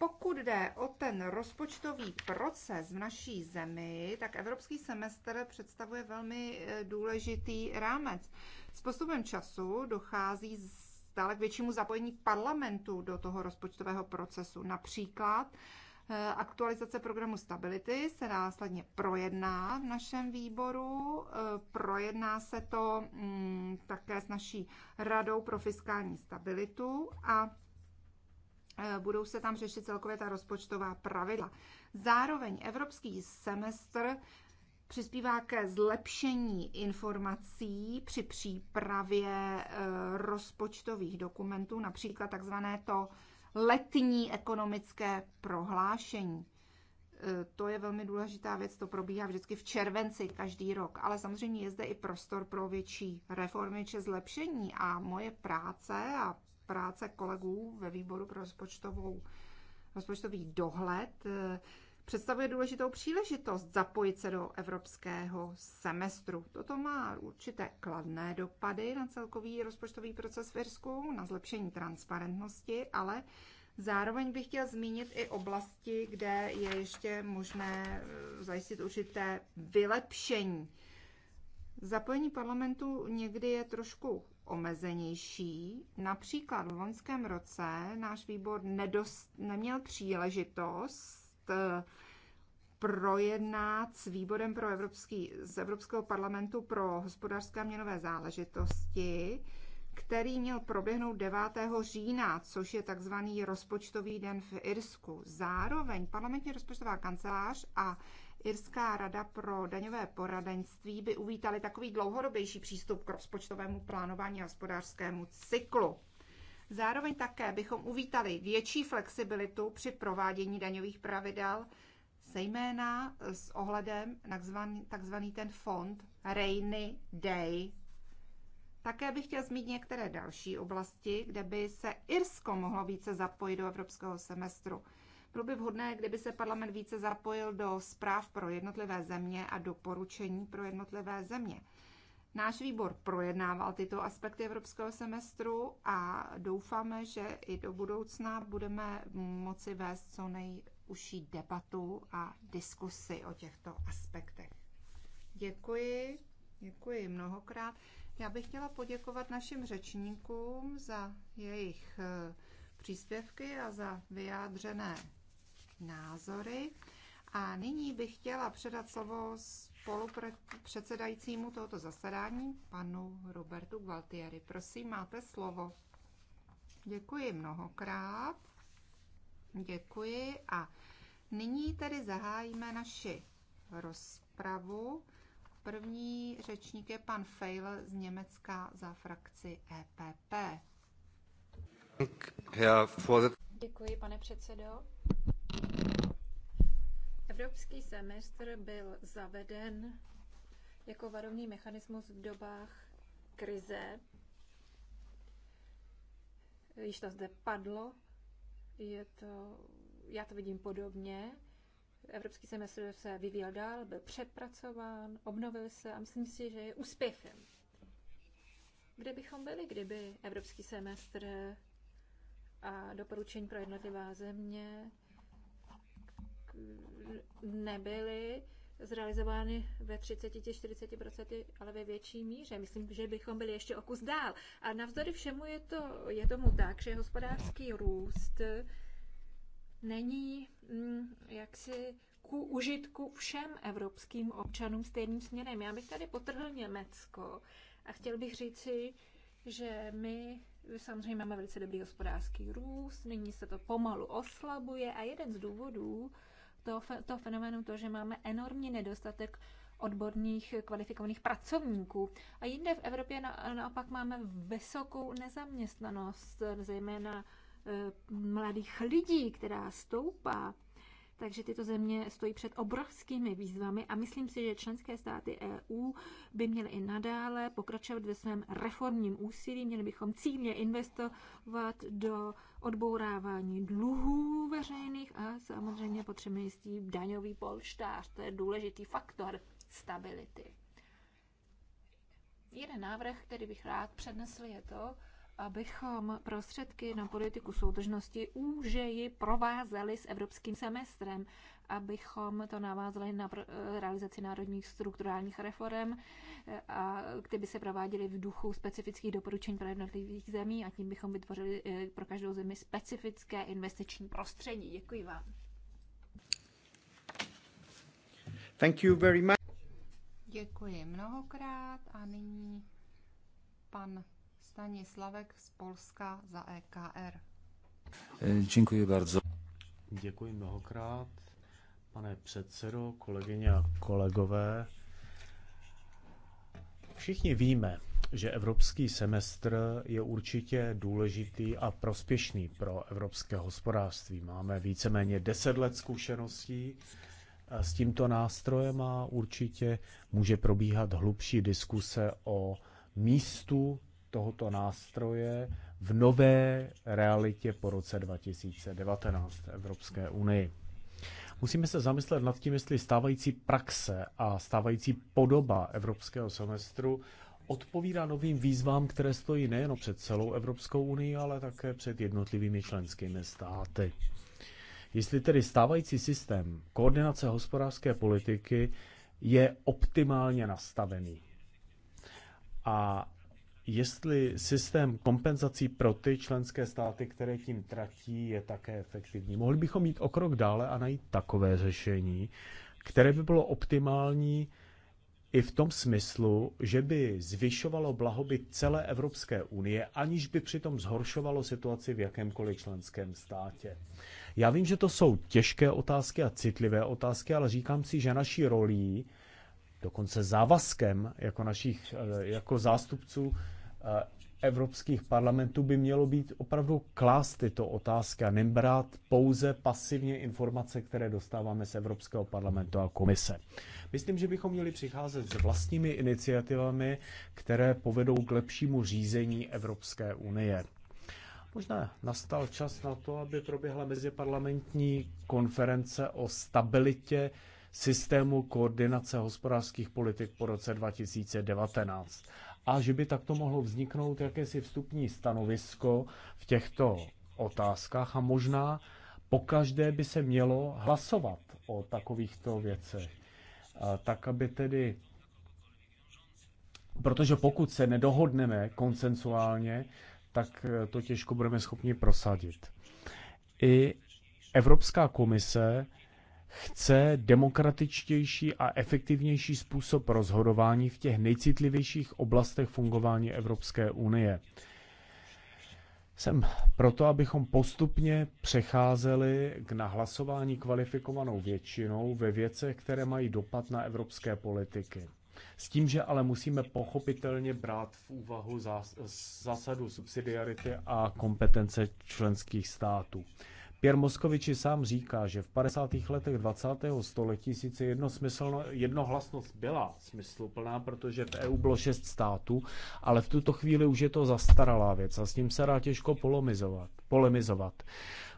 Pokud jde o ten rozpočtový proces v naší zemi, tak evropský semestr představuje velmi e, důležitý rámec. S postupem času dochází stále k většímu zapojení parlamentu do toho rozpočtového procesu. Například e, Aktualizace programu stability se následně projedná v našem výboru. E, projedná se to mm, také s naší radou pro fiskální stabilitu a Eh, budou se tam řešit celkově ta rozpočtová pravidla. Zároveň evropský semestr přispívá ke zlepšení informací při přípravě eh, rozpočtových dokumentů, například takzvané to letní ekonomické prohlášení. Eh, to je velmi důležitá věc, to probíhá vždycky v červenci každý rok, ale samozřejmě je zde i prostor pro větší reformy či zlepšení a moje práce a práce kolegů ve výboru pro rozpočtovou, rozpočtový dohled eh, představuje důležitou příležitost zapojit se do evropského semestru. Toto má určité kladné dopady na celkový rozpočtový proces v Irsku, na zlepšení transparentnosti, ale zároveň bych chtěl zmínit i oblasti, kde je ještě možné eh, zajistit určité vylepšení. Zapojení parlamentu někdy je trošku omezenější. Například v loňském roce náš výbor nedost, neměl příležitost eh, projednat s výborem pro Evropský, z Evropského parlamentu pro hospodářské a měnové záležitosti, který měl proběhnout 9. října, což je takzvaný rozpočtový den v Irsku. Zároveň parlamentní rozpočtová kancelář a Irská rada pro daňové poradenství by uvítali takový dlouhodobější přístup k rozpočtovému plánování a hospodářskému cyklu. Zároveň také bychom uvítali větší flexibilitu při provádění daňových pravidel, zejména s ohledem na takzvaný ten fond Rainy Day. Také bych chtěl zmínit některé další oblasti, kde by se Irsko mohlo více zapojit do evropského semestru. Bylo by vhodné, kdyby se parlament více zapojil do zpráv pro jednotlivé země a doporučení pro jednotlivé země. Náš výbor projednával tyto aspekty evropského semestru a doufáme, že i do budoucna budeme moci vést co nejužší debatu a diskusy o těchto aspektech. Děkuji, děkuji mnohokrát. Já bych chtěla poděkovat našim řečníkům za jejich eh, příspěvky a za vyjádřené názory. A nyní bych chtěla předat slovo spolupředsedajícímu tohoto zasedání, panu Robertu Gualtieri. Prosím, máte slovo. Děkuji mnohokrát. Děkuji a nyní tedy zahájíme naši rozpravu. První řečník je pan Feil z Německa za frakci EPP. Děkuji, pane předsedo. Evropský semestr byl zaveden jako varovný mechanismus v dobách krize. Již to zde padlo, je to, já to vidím podobně. Evropský semestr se vyvíjel dál, byl přepracován, obnovil se a myslím si, že je úspěchem. Kde bychom byli, kdyby Evropský semestr a doporučení pro jednotlivá země nebyly zrealizovány ve 30-40%, ale ve větší míře. Myslím, že bychom byli ještě o kus dál. A navzdory všemu je, to, je tomu tak, že hospodářský růst není mm, jaksi ku užitku všem evropským občanům stejným směrem. Já bych tady potrhl Německo a chtěl bych říci, že my samozřejmě máme velice dobrý hospodářský růst, nyní se to pomalu oslabuje a jeden z důvodů, toho, toho fenoménu to, že máme enormní nedostatek odborných kvalifikovaných pracovníků. A jinde v Evropě na, naopak máme vysokou nezaměstnanost, zejména e, mladých lidí, která stoupá takže tyto země stojí před obrovskými výzvami a myslím si, že členské státy EU by měly i nadále pokračovat ve svém reformním úsilí, měli bychom cílně investovat do odbourávání dluhů veřejných a samozřejmě potřebujeme jistý daňový polštář, to je důležitý faktor stability. Jeden návrh, který bych rád přednesl, je to, abychom prostředky na politiku soudržnosti úžeji provázeli s evropským semestrem, abychom to navázali na realizaci národních strukturálních reform, eh, a které by se prováděly v duchu specifických doporučení pro jednotlivých zemí a tím bychom vytvořili eh, pro každou zemi specifické investiční prostředí. Děkuji vám. Thank you very much. Děkuji mnohokrát a nyní pan Stanislavek z Polska za EKR. Děkuji bardzo. Děkuji mnohokrát, pane předsedo, kolegyně a kolegové. Všichni víme, že evropský semestr je určitě důležitý a prospěšný pro evropské hospodářství. Máme víceméně 10 let zkušeností s tímto nástrojem a určitě může probíhat hlubší diskuse o místu tohoto nástroje v nové realitě po roce 2019 Evropské unii. Musíme se zamyslet nad tím, jestli stávající praxe a stávající podoba evropského semestru odpovídá novým výzvám, které stojí nejen před celou Evropskou unii, ale také před jednotlivými členskými státy. Jestli tedy stávající systém koordinace hospodářské politiky je optimálně nastavený. A jestli systém kompenzací pro ty členské státy, které tím tratí, je také efektivní. Mohli bychom jít o krok dále a najít takové řešení, které by bylo optimální i v tom smyslu, že by zvyšovalo blahobyt celé Evropské unie, aniž by přitom zhoršovalo situaci v jakémkoliv členském státě. Já vím, že to jsou těžké otázky a citlivé otázky, ale říkám si, že naší rolí, dokonce závazkem jako našich eh, jako zástupců evropských parlamentů by mělo být opravdu klást tyto otázky a nebrát pouze pasivně informace, které dostáváme z Evropského parlamentu a komise. Myslím, že bychom měli přicházet s vlastními iniciativami, které povedou k lepšímu řízení Evropské unie. Možná nastal čas na to, aby proběhla meziparlamentní konference o stabilitě systému koordinace hospodářských politik po roce 2019. A že by takto mohlo vzniknout jakési vstupní stanovisko v těchto otázkách a možná po každé by se mělo hlasovat o takovýchto věcech. Tak, aby tedy Protože pokud se nedohodneme konsensuálně, tak eh, to těžko budeme schopni prosadit. I Evropská komise chce demokratičtější a efektivnější způsob rozhodování v těch nejcitlivějších oblastech fungování Evropské unie. Jsem proto, abychom postupně přecházeli k nahlasování kvalifikovanou většinou ve věcech, které mají dopad na evropské politiky. S tím, že ale musíme pochopitelně brát v úvahu zásadu subsidiarity a kompetence členských států. Pierre Moskoviči sám říká, že v 50. letech 20. století sice jednohlasnost byla smysluplná, protože v EU bylo šest států, ale v tuto chvíli už je to zastaralá věc a s tím se dá těžko polemizovat. polemizovat.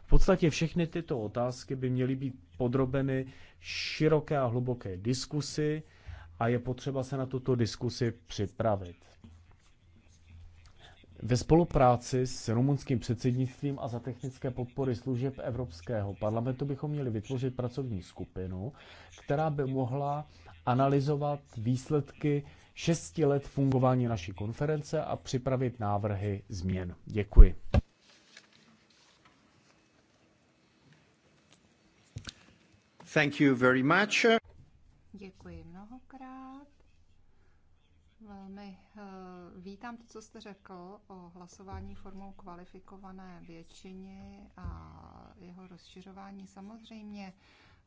V podstatě všechny tyto otázky by měly být podrobeny široké a hluboké diskusi a je potřeba se na tuto diskusi připravit. Ve spolupráci s rumunským předsednictvím a za technické podpory služeb Evropského parlamentu bychom měli vytvořit pracovní skupinu, která by mohla analyzovat výsledky šesti let fungování naší konference a připravit návrhy změn. Děkuji. Thank you very much. Děkuji mnohokrát. Velmi eh, vítám to, co jste řekl o hlasování formou kvalifikované většiny a jeho rozšiřování. Samozřejmě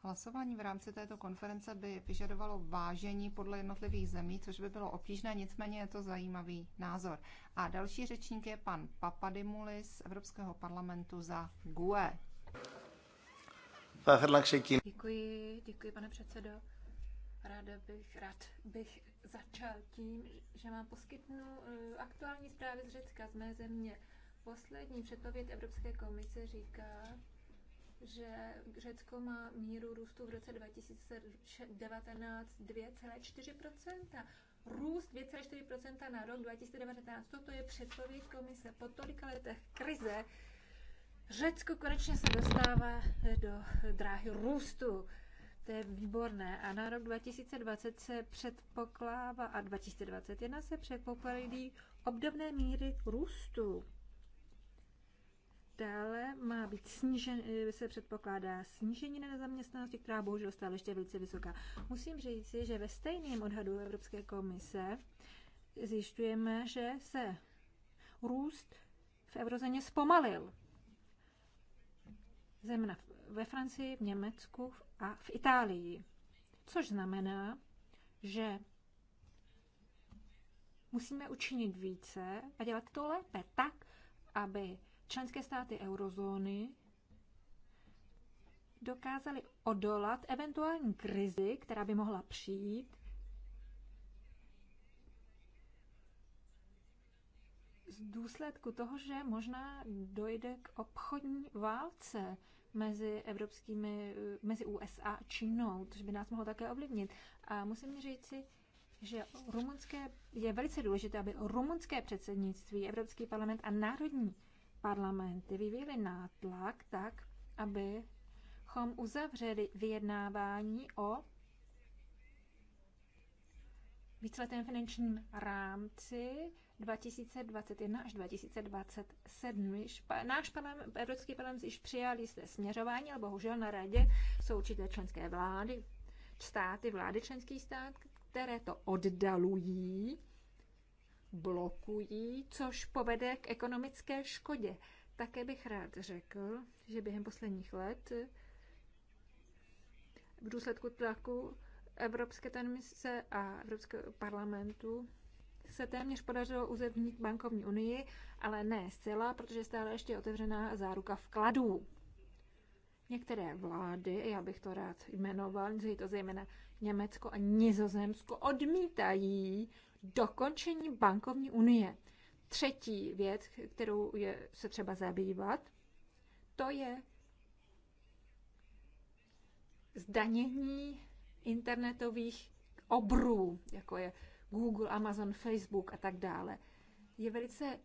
hlasování v rámci této konference by vyžadovalo vážení podle jednotlivých zemí, což by bylo obtížné, nicméně je to zajímavý názor. A další řečník je pan Papadimulis z Evropského parlamentu za GUE. Děkuji, děkuji pane předsedo. Ráda bych, rád bych začal tím, že vám poskytnu eh, aktuální zprávy z Řecka, z mé země. Poslední předpověď Evropské komise říká, že Řecko má míru růstu v roce 2019 2,4%. Růst 2,4% na rok 2019, toto je předpověď komise. Po tolika letech krize Řecko konečně se dostává do dráhy růstu. To je výborné. A na rok 2020 se předpokládá, a 2021 se předpokládá obdobné míry růstu. Dále má být snížen, se předpokládá snížení nezaměstnanosti, která bohužel stále ještě velice vysoká. Musím říci, že ve stejném odhadu Evropské komise zjišťujeme, že se růst v eurozeně zpomalil. Země ve Francii, v Německu a v Itálii. Což znamená, že musíme učinit více a dělat to lépe tak, aby členské státy eurozóny dokázali odolat eventuální krizi, která by mohla přijít z důsledku toho, že možná dojde k obchodní válce mezi evropskými, mezi USA a Čínou, což by nás mohlo také ovlivnit. A musím říci, že rumunské, je velice důležité, aby rumunské předsednictví, Evropský parlament a národní parlamenty vyvíjeli nátlak tak, abychom uzavřeli vyjednávání o víceletém finančním rámci 2021 až 2027. náš parlament, Evropský parlament již přijal jisté směřování, ale bohužel na radě jsou určité členské vlády, státy, vlády členských stát, které to oddalují, blokují, což povede k ekonomické škodě. Také bych rád řekl, že během posledních let v důsledku tlaku Evropské komise a Evropského parlamentu se téměř podařilo uzevnit bankovní unii, ale ne zcela, protože stále ještě otevřená záruka vkladů. Některé vlády, já bych to rád jmenoval, je to zejména Německo a Nizozemsko, odmítají dokončení bankovní unie. Třetí věc, kterou je, se třeba zabývat, to je zdanění internetových obrů, jako je Google, Amazon, Facebook a tak dále. Je velice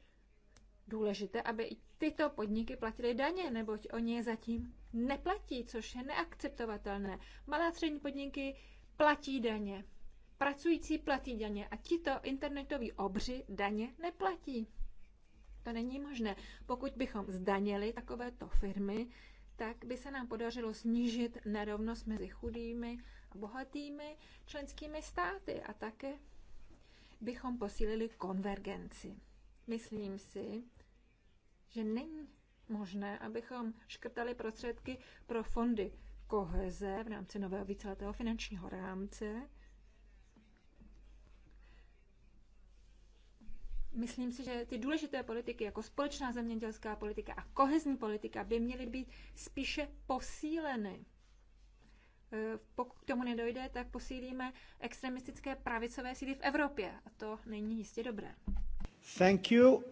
důležité, aby i tyto podniky platily daně, neboť oni je zatím neplatí, což je neakceptovatelné. Malé a střední podniky platí daně. Pracující platí daně a tito internetoví obři daně neplatí. To není možné. Pokud bychom zdanili takovéto firmy, tak by se nám podařilo snížit nerovnost mezi chudými a bohatými členskými státy a také bychom posílili konvergenci. Myslím si, že není možné, abychom škrtali prostředky pro fondy koheze v rámci nového víceletého finančního rámce. Myslím si, že ty důležité politiky, jako společná zemědělská politika a kohezní politika, by měly být spíše posíleny. Pokud k tomu nedojde, tak posílíme extremistické pravicové síly v Evropě. A to není jistě dobré. Thank you.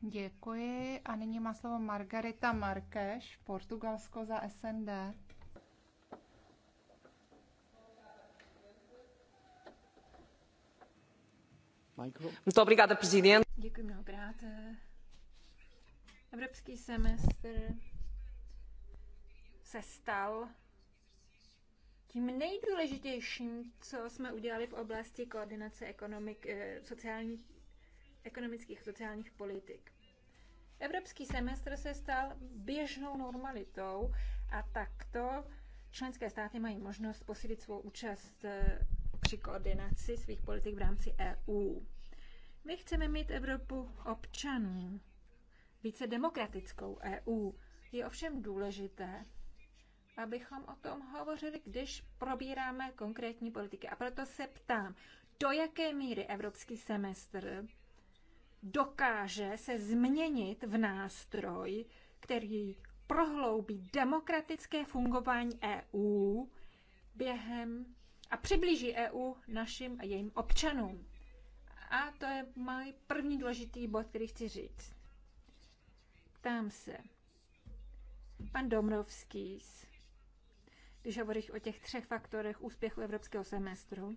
Děkuji. A nyní má slovo Margarita Markeš, Portugalsko za SND. Muito obrigada, presidente. Děkuji mnohokrát. Evropský semestr se stal tím nejdůležitějším, co jsme udělali v oblasti koordinace ekonomik, eh, sociálních, ekonomických a sociálních politik. Evropský semestr se stal běžnou normalitou a takto členské státy mají možnost posílit svou účast eh, při koordinaci svých politik v rámci EU. My chceme mít Evropu občanů, více demokratickou EU. Je ovšem důležité, abychom o tom hovořili, když probíráme konkrétní politiky. A proto se ptám, do jaké míry evropský semestr dokáže se změnit v nástroj, který prohloubí demokratické fungování EU během a přiblíží EU našim a jejím občanům. A to je můj první důležitý bod, který chci říct. Ptám se. Pan Domrovský když hovoříš o těch třech faktorech úspěchu evropského semestru,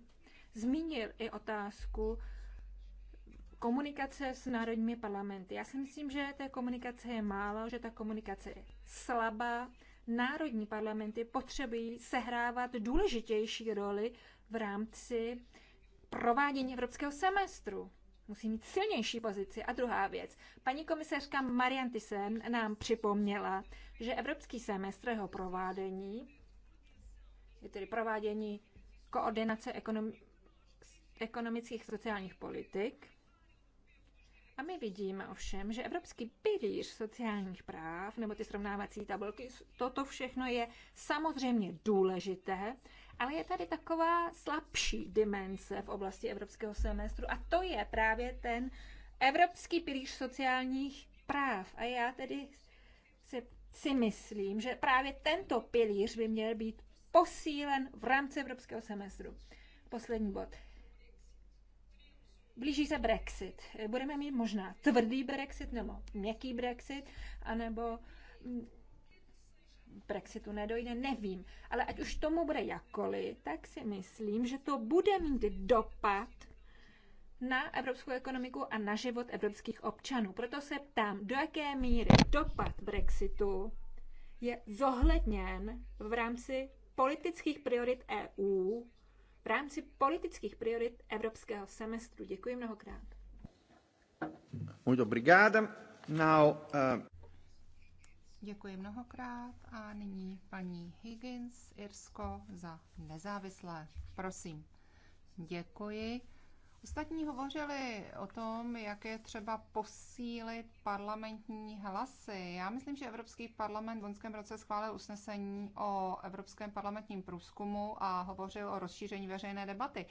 zmínil i otázku komunikace s národními parlamenty. Já si myslím, že té komunikace je málo, že ta komunikace je slabá. Národní parlamenty potřebují sehrávat důležitější roli v rámci provádění evropského semestru musí mít silnější pozici. A druhá věc, paní komisařka Marian Thyssen nám připomněla, že evropský semestr jeho provádění tedy provádění koordinace ekonomi- ekonomických sociálních politik. A my vidíme ovšem, že Evropský pilíř sociálních práv nebo ty srovnávací tabulky, toto všechno je samozřejmě důležité, ale je tady taková slabší dimenze v oblasti evropského semestru a to je právě ten Evropský pilíř sociálních práv. A já tedy si, si myslím, že právě tento pilíř by měl být posílen v rámci evropského semestru. Poslední bod. Blíží se Brexit. Budeme mít možná tvrdý Brexit nebo měkký Brexit, anebo mm, Brexitu nedojde, nevím. Ale ať už tomu bude jakkoliv, tak si myslím, že to bude mít dopad na evropskou ekonomiku a na život evropských občanů. Proto se ptám, do jaké míry dopad Brexitu je zohledněn v rámci politických priorit EU v rámci politických priorit evropského semestru. Děkuji mnohokrát. Muito obrigada. Now, uh... Děkuji mnohokrát a nyní paní Higgins, Irsko za nezávislé. Prosím. Děkuji. Ostatní hovořili o tom, jak je třeba posílit parlamentní hlasy. Já myslím, že Evropský parlament v loňském roce schválil usnesení o Evropském parlamentním průzkumu a hovořil o rozšíření veřejné debaty.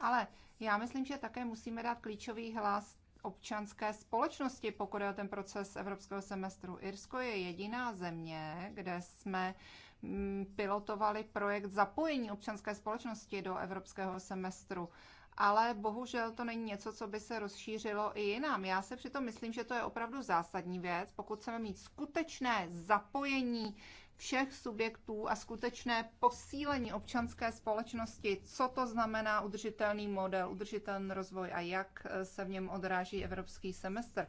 Ale já myslím, že také musíme dát klíčový hlas občanské společnosti, pokud je o ten proces evropského semestru. Irsko je jediná země, kde jsme mm, pilotovali projekt zapojení občanské společnosti do evropského semestru ale bohužel to není něco, co by se rozšířilo i jinam. Já se přitom myslím, že to je opravdu zásadní věc, pokud chceme mít skutečné zapojení všech subjektů a skutečné posílení občanské společnosti, co to znamená udržitelný model, udržitelný rozvoj a jak eh, se v něm odráží evropský semestr.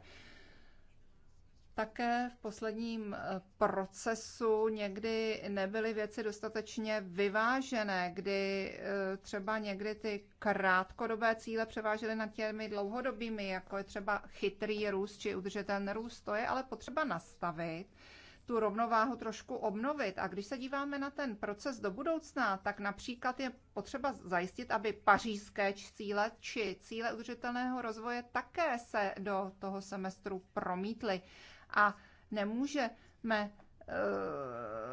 Také v posledním eh, procesu někdy nebyly věci dostatečně vyvážené, kdy eh, třeba někdy ty krátkodobé cíle převážely nad těmi dlouhodobými, jako je třeba chytrý růst či udržitelný růst. To je ale potřeba nastavit, tu rovnováhu trošku obnovit. A když se díváme na ten proces do budoucna, tak například je potřeba zajistit, aby pařížské cíle či cíle udržitelného rozvoje také se do toho semestru promítly a nemůžeme eh,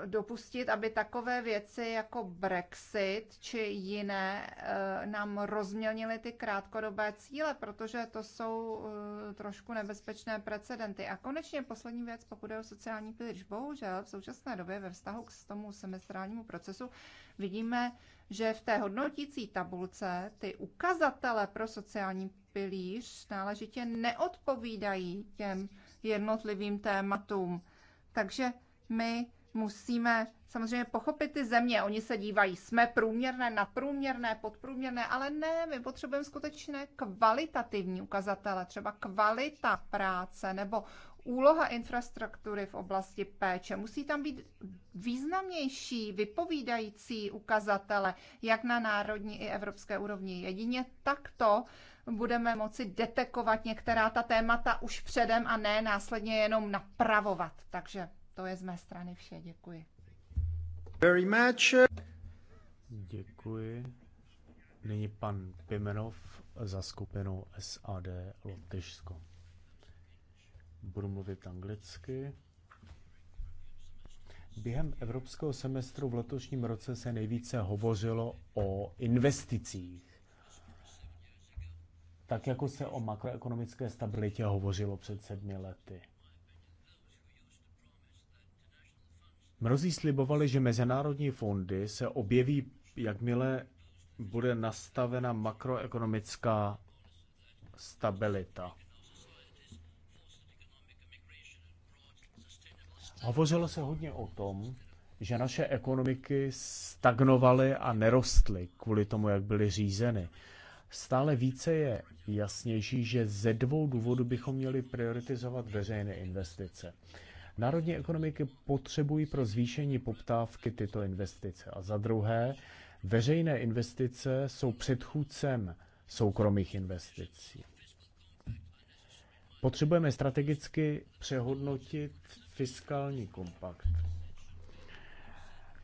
dopustit, aby takové věci jako Brexit či jiné eh, nám rozmělnily ty krátkodobé cíle, protože to jsou eh, trošku nebezpečné precedenty. A konečně poslední věc, pokud je o sociální pilíř. Bohužel v současné době ve vztahu k tomu semestrálnímu procesu vidíme, že v té hodnotící tabulce ty ukazatele pro sociální pilíř náležitě neodpovídají těm jednotlivým tématům. Takže my musíme samozřejmě pochopit ty země. Oni se dívají, jsme průměrné, nadprůměrné, podprůměrné, ale ne, my potřebujeme skutečné kvalitativní ukazatele, třeba kvalita práce nebo úloha infrastruktury v oblasti péče. Musí tam být významnější, vypovídající ukazatele, jak na národní i evropské úrovni. Jedině takto budeme moci detekovat některá ta témata už předem a ne následně jenom napravovat. Takže to je z mé strany vše. Děkuji. Very much. Děkuji. Nyní pan Pimenov za skupinu SAD Lotyšsko. Budu mluvit anglicky. Během evropského semestru v letošním roce se nejvíce hovořilo o investicích tak jako se o makroekonomické stabilitě hovořilo před sedmi lety. Mnozí slibovali, že mezinárodní fondy se objeví, jakmile bude nastavena makroekonomická stabilita. Hovořilo se hodně o tom, že naše ekonomiky stagnovaly a nerostly kvůli tomu, jak byly řízeny. Stále více je jasnější, že ze dvou důvodů bychom měli prioritizovat veřejné investice. Národní ekonomiky potřebují pro zvýšení poptávky tyto investice. A za druhé, veřejné investice jsou předchůdcem soukromých investicí. Potřebujeme strategicky přehodnotit fiskální kompakt.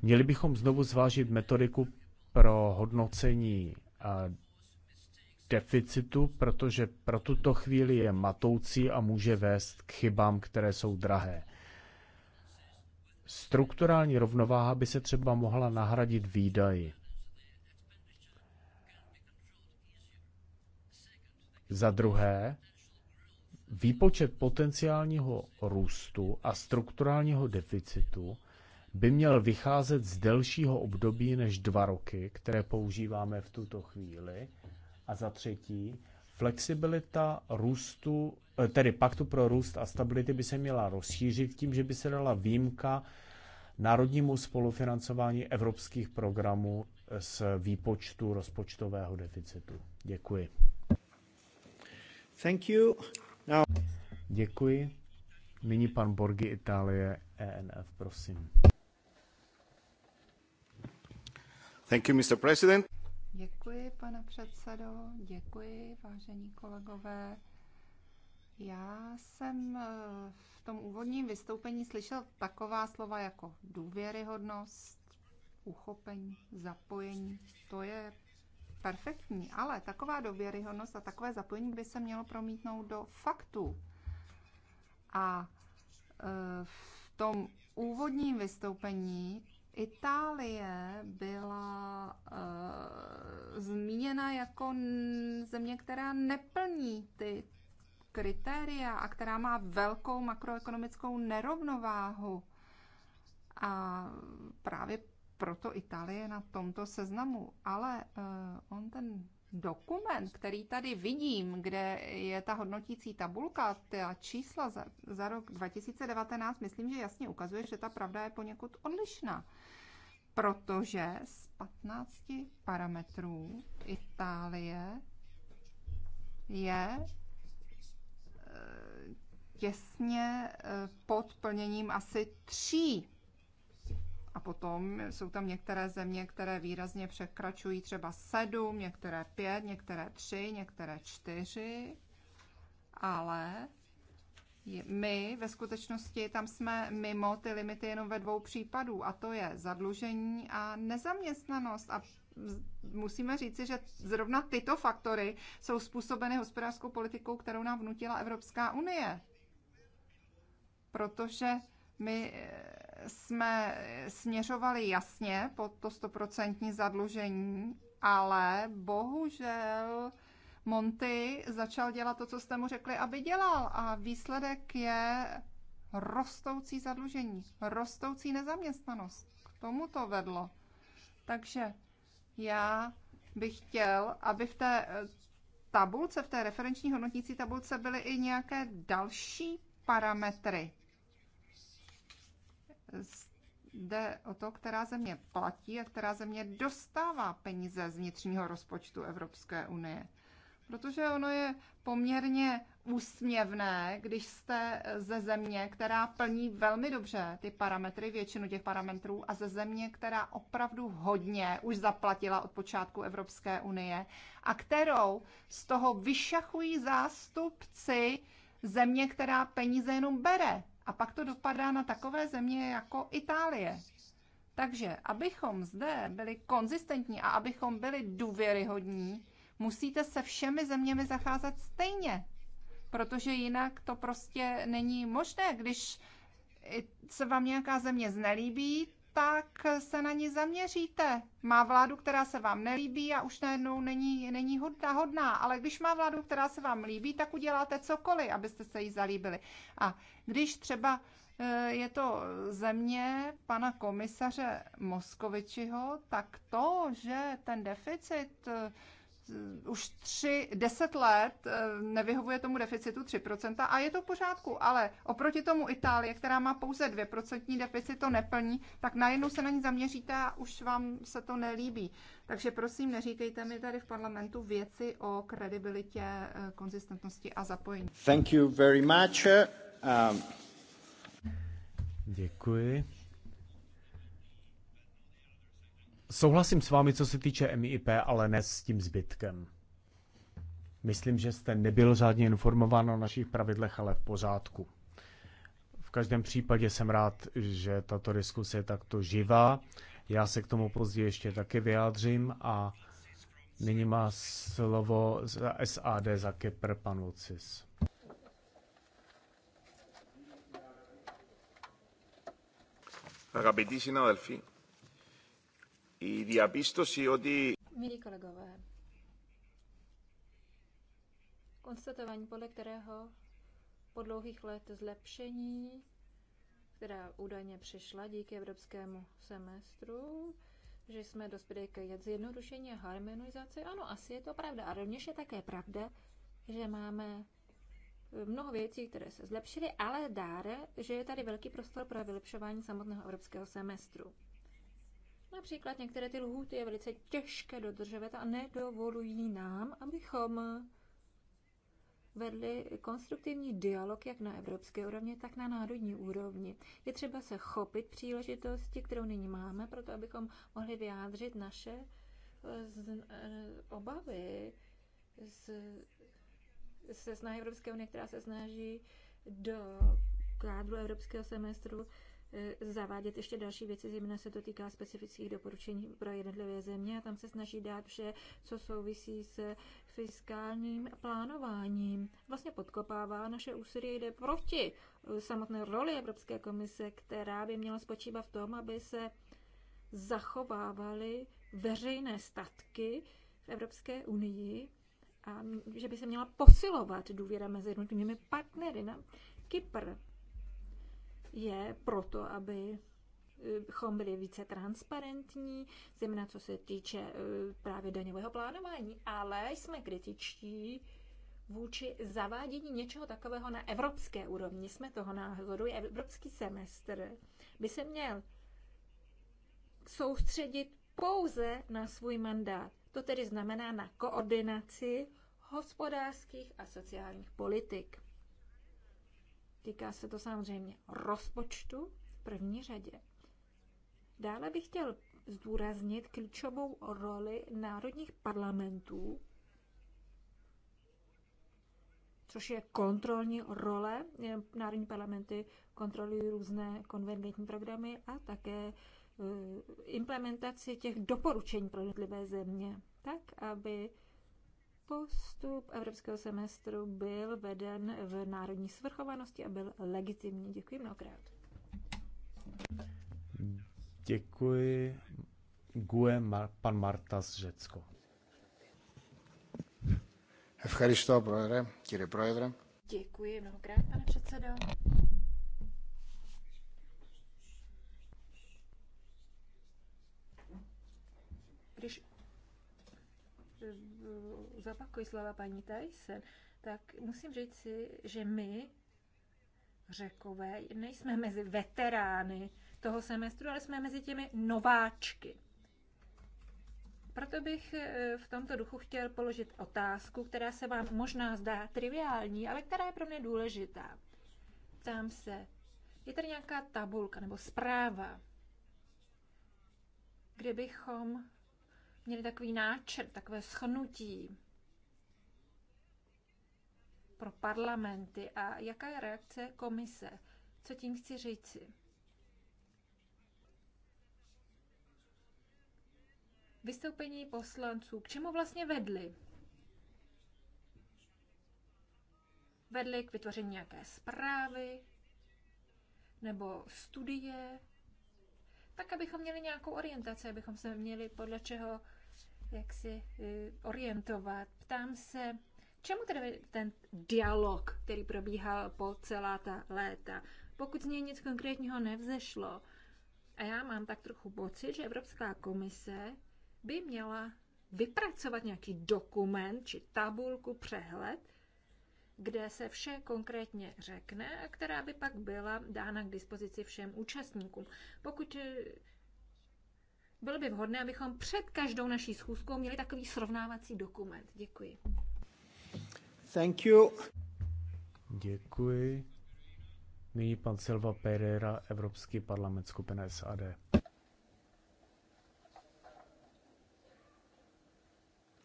Měli bychom znovu zvážit metodiku pro hodnocení deficitu, protože pro tuto chvíli je matoucí a může vést k chybám, které jsou drahé. Strukturální rovnováha by se třeba mohla nahradit výdaji. Za druhé, výpočet potenciálního růstu a strukturálního deficitu by měl vycházet z delšího období než dva roky, které používáme v tuto chvíli, a za třetí, flexibilita růstu, eh, tedy paktu pro růst a stability by se měla rozšířit tím, že by se dala výjimka národnímu spolufinancování evropských programů z výpočtu rozpočtového deficitu. Děkuji. Thank you. Now... Děkuji. Nyní pan Borgi Itálie, ENF, prosím. Thank you, Mr. President. Děkuji, pane předsedo, děkuji, vážení kolegové. Já jsem eh, v tom úvodním vystoupení slyšel taková slova jako důvěryhodnost, uchopení, zapojení. To je perfektní, ale taková důvěryhodnost a takové zapojení by se mělo promítnout do faktů. A eh, v tom úvodním vystoupení Itálie byla uh, zmíněna jako země, která neplní ty kritéria a která má velkou makroekonomickou nerovnováhu. A právě proto Itálie je na tomto seznamu. Ale uh, on ten dokument, který tady vidím, kde je ta hodnotící tabulka, ta čísla za, za rok 2019, myslím, že jasně ukazuje, že ta pravda je poněkud odlišná. Protože z 15 parametrů Itálie je eh, těsně eh, pod plněním asi tří a potom jsou tam některé země, které výrazně překračují třeba 7, některé 5, některé 3, některé 4, ale my ve skutečnosti tam jsme mimo ty limity jenom ve dvou případů, a to je zadlužení a nezaměstnanost. A musíme říci, že zrovna tyto faktory jsou způsobeny hospodářskou politikou, kterou nám vnutila Evropská unie. Protože my jsme směřovali jasně pod to stoprocentní zadlužení, ale bohužel Monty začal dělat to, co jste mu řekli, aby dělal. A výsledek je rostoucí zadlužení, rostoucí nezaměstnanost. K tomu to vedlo. Takže já bych chtěl, aby v té eh, tabulce, v té referenční hodnotící tabulce byly i nějaké další parametry, jde o to, která země platí a která země dostává peníze z vnitřního rozpočtu Evropské unie. Protože ono je poměrně úsměvné, když jste ze země, která plní velmi dobře ty parametry, většinu těch parametrů, a ze země, která opravdu hodně už zaplatila od počátku Evropské unie a kterou z toho vyšachují zástupci země, která peníze jenom bere. A pak to dopadá na takové země jako Itálie. Takže abychom zde byli konzistentní a abychom byli důvěryhodní, musíte se všemi zeměmi zacházet stejně. Protože jinak to prostě není možné, když se vám nějaká země znelíbí, tak se na ní zaměříte. Má vládu, která se vám nelíbí a už najednou není, není hodná, hodná, ale když má vládu, která se vám líbí, tak uděláte cokoliv, abyste se jí zalíbili. A když třeba eh, je to země pana komisaře Moskovičiho, tak to, že ten deficit eh, Eh, už tři, deset let eh, nevyhovuje tomu deficitu 3% a je to v pořádku, ale oproti tomu Itálie, která má pouze 2% deficit, to neplní, tak najednou se na ní zaměříte a už vám se to nelíbí. Takže prosím, neříkejte mi tady v parlamentu věci o kredibilitě, eh, konzistentnosti a zapojení. Thank you very much. Um... Děkuji. Souhlasím s vámi, co se týče MIP, ale ne s tím zbytkem. Myslím, že jste nebyl řádně informován o našich pravidlech, ale v pořádku. V každém případě jsem rád, že tato diskuse je takto živá. Já se k tomu později ještě taky vyjádřím a nyní má slovo za SAD za Kepr, pan Lucis. Αγαπητοί συνάδελφοι, Milí kolegové, konstatování, podle kterého po dlouhých let zlepšení, která údajně přišla díky evropskému semestru, že jsme dospěli k zjednodušení a harmonizaci. Ano, asi je to pravda. A rovněž je také pravda, že máme mnoho věcí, které se zlepšily, ale dáre, že je tady velký prostor pro vylepšování samotného evropského semestru. Například některé ty lhůty je velice těžké dodržovat a nedovolují nám, abychom vedli konstruktivní dialog jak na evropské úrovni, tak na národní úrovni. Je třeba se chopit příležitosti, kterou nyní máme, proto abychom mohli vyjádřit naše eh, eh, obavy z, se snahy Evropské unie, která se snaží do kádru evropského semestru E, zavádět ještě další věci, zejména se to týká specifických doporučení pro jednotlivé země a tam se snaží dát vše, co souvisí s fiskálním plánováním. Vlastně podkopává naše úsilí, jde proti e, samotné roli Evropské komise, která by měla spočívat v tom, aby se zachovávaly veřejné statky v Evropské unii a že by se měla posilovat důvěra mezi jednotlivými partnery. Na Kypr je proto, aby bychom eh, byli více transparentní, zejména co se týče eh, právě daňového plánování, ale jsme kritičtí vůči zavádění něčeho takového na evropské úrovni. Jsme toho názoru, evropský semestr by se měl soustředit pouze na svůj mandát. To tedy znamená na koordinaci hospodářských a sociálních politik. Týká se to samozřejmě rozpočtu v první řadě. Dále bych chtěl zdůraznit klíčovou roli národních parlamentů, což je kontrolní role. Národní parlamenty kontrolují různé konvergentní programy a také e, implementaci těch doporučení pro jednotlivé země, tak aby Postup evropského semestru byl veden v národní svrchovanosti a byl legitimní. Děkuji mnohokrát. Děkuji. Gue Mar- pan z Řecko. Evcharisto, projedre, kýry projedre. Děkuji mnohokrát, pane předsedo. Když Eh, zopakuji slova paní Tyson, tak musím říct si, že my, řekové, nejsme mezi veterány toho semestru, ale jsme mezi těmi nováčky. Proto bych eh, v tomto duchu chtěl položit otázku, která se vám možná zdá triviální, ale která je pro mě důležitá. Ptám se, je tady nějaká tabulka nebo zpráva, kde bychom měli takový náčrt, takové schnutí pro parlamenty a jaká je reakce komise. Co tím chci říci? Vystoupení poslanců, k čemu vlastně vedli? Vedli k vytvoření nějaké zprávy nebo studie, tak abychom měli nějakou orientaci, abychom se měli podle čeho jak si eh, orientovat. Ptám se, čemu tedy ten dialog, který probíhal po celá ta léta, pokud z něj nic konkrétního nevzešlo. A já mám tak trochu pocit, že Evropská komise by měla vypracovat nějaký dokument či tabulku, přehled, kde se vše konkrétně řekne a která by pak byla dána k dispozici všem účastníkům. Pokud eh, bylo by vhodné, abychom před každou naší schůzkou měli takový srovnávací dokument. Děkuji. Thank you. Děkuji. Nyní pan Silva Pereira, Evropský parlament skupina SAD.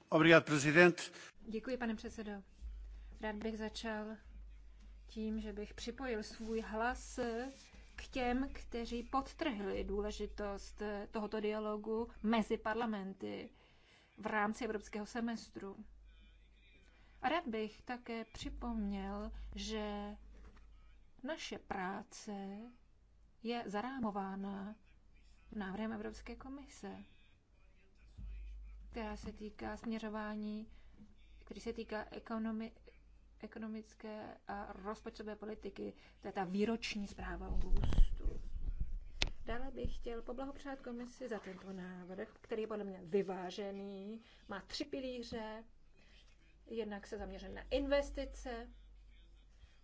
Obrigado, Presidente. Děkuji, pane předsedo. Rád bych začal tím, že bych připojil svůj hlas k těm, kteří podtrhli důležitost tohoto dialogu mezi parlamenty v rámci evropského semestru. A rád bych také připomněl, že naše práce je zarámována návrhem Evropské komise, která se týká směřování, který se týká ekonomi, ekonomické a rozpočtové politiky. To je ta výroční zpráva o růstu. Dále bych chtěl poblahopřát komisi za tento návrh, který je podle mě vyvážený, má tři pilíře, jednak se zaměřen na investice,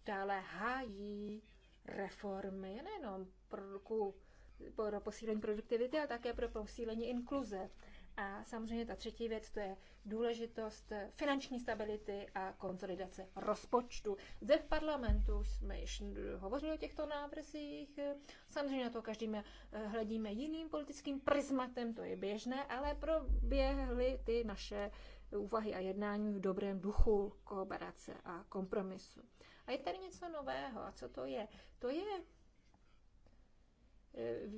dále hájí reformy, nejenom pro, pro posílení produktivity, ale také pro posílení inkluze. A samozřejmě ta třetí věc, to je důležitost eh, finanční stability a konsolidace rozpočtu. Zde v parlamentu jsme již hovořili o těchto návrzích. Samozřejmě na to každým eh, hledíme jiným politickým prismatem, to je běžné, ale proběhly ty naše úvahy a jednání v dobrém duchu kooperace a kompromisu. A je tady něco nového. A co to je? To je Eh,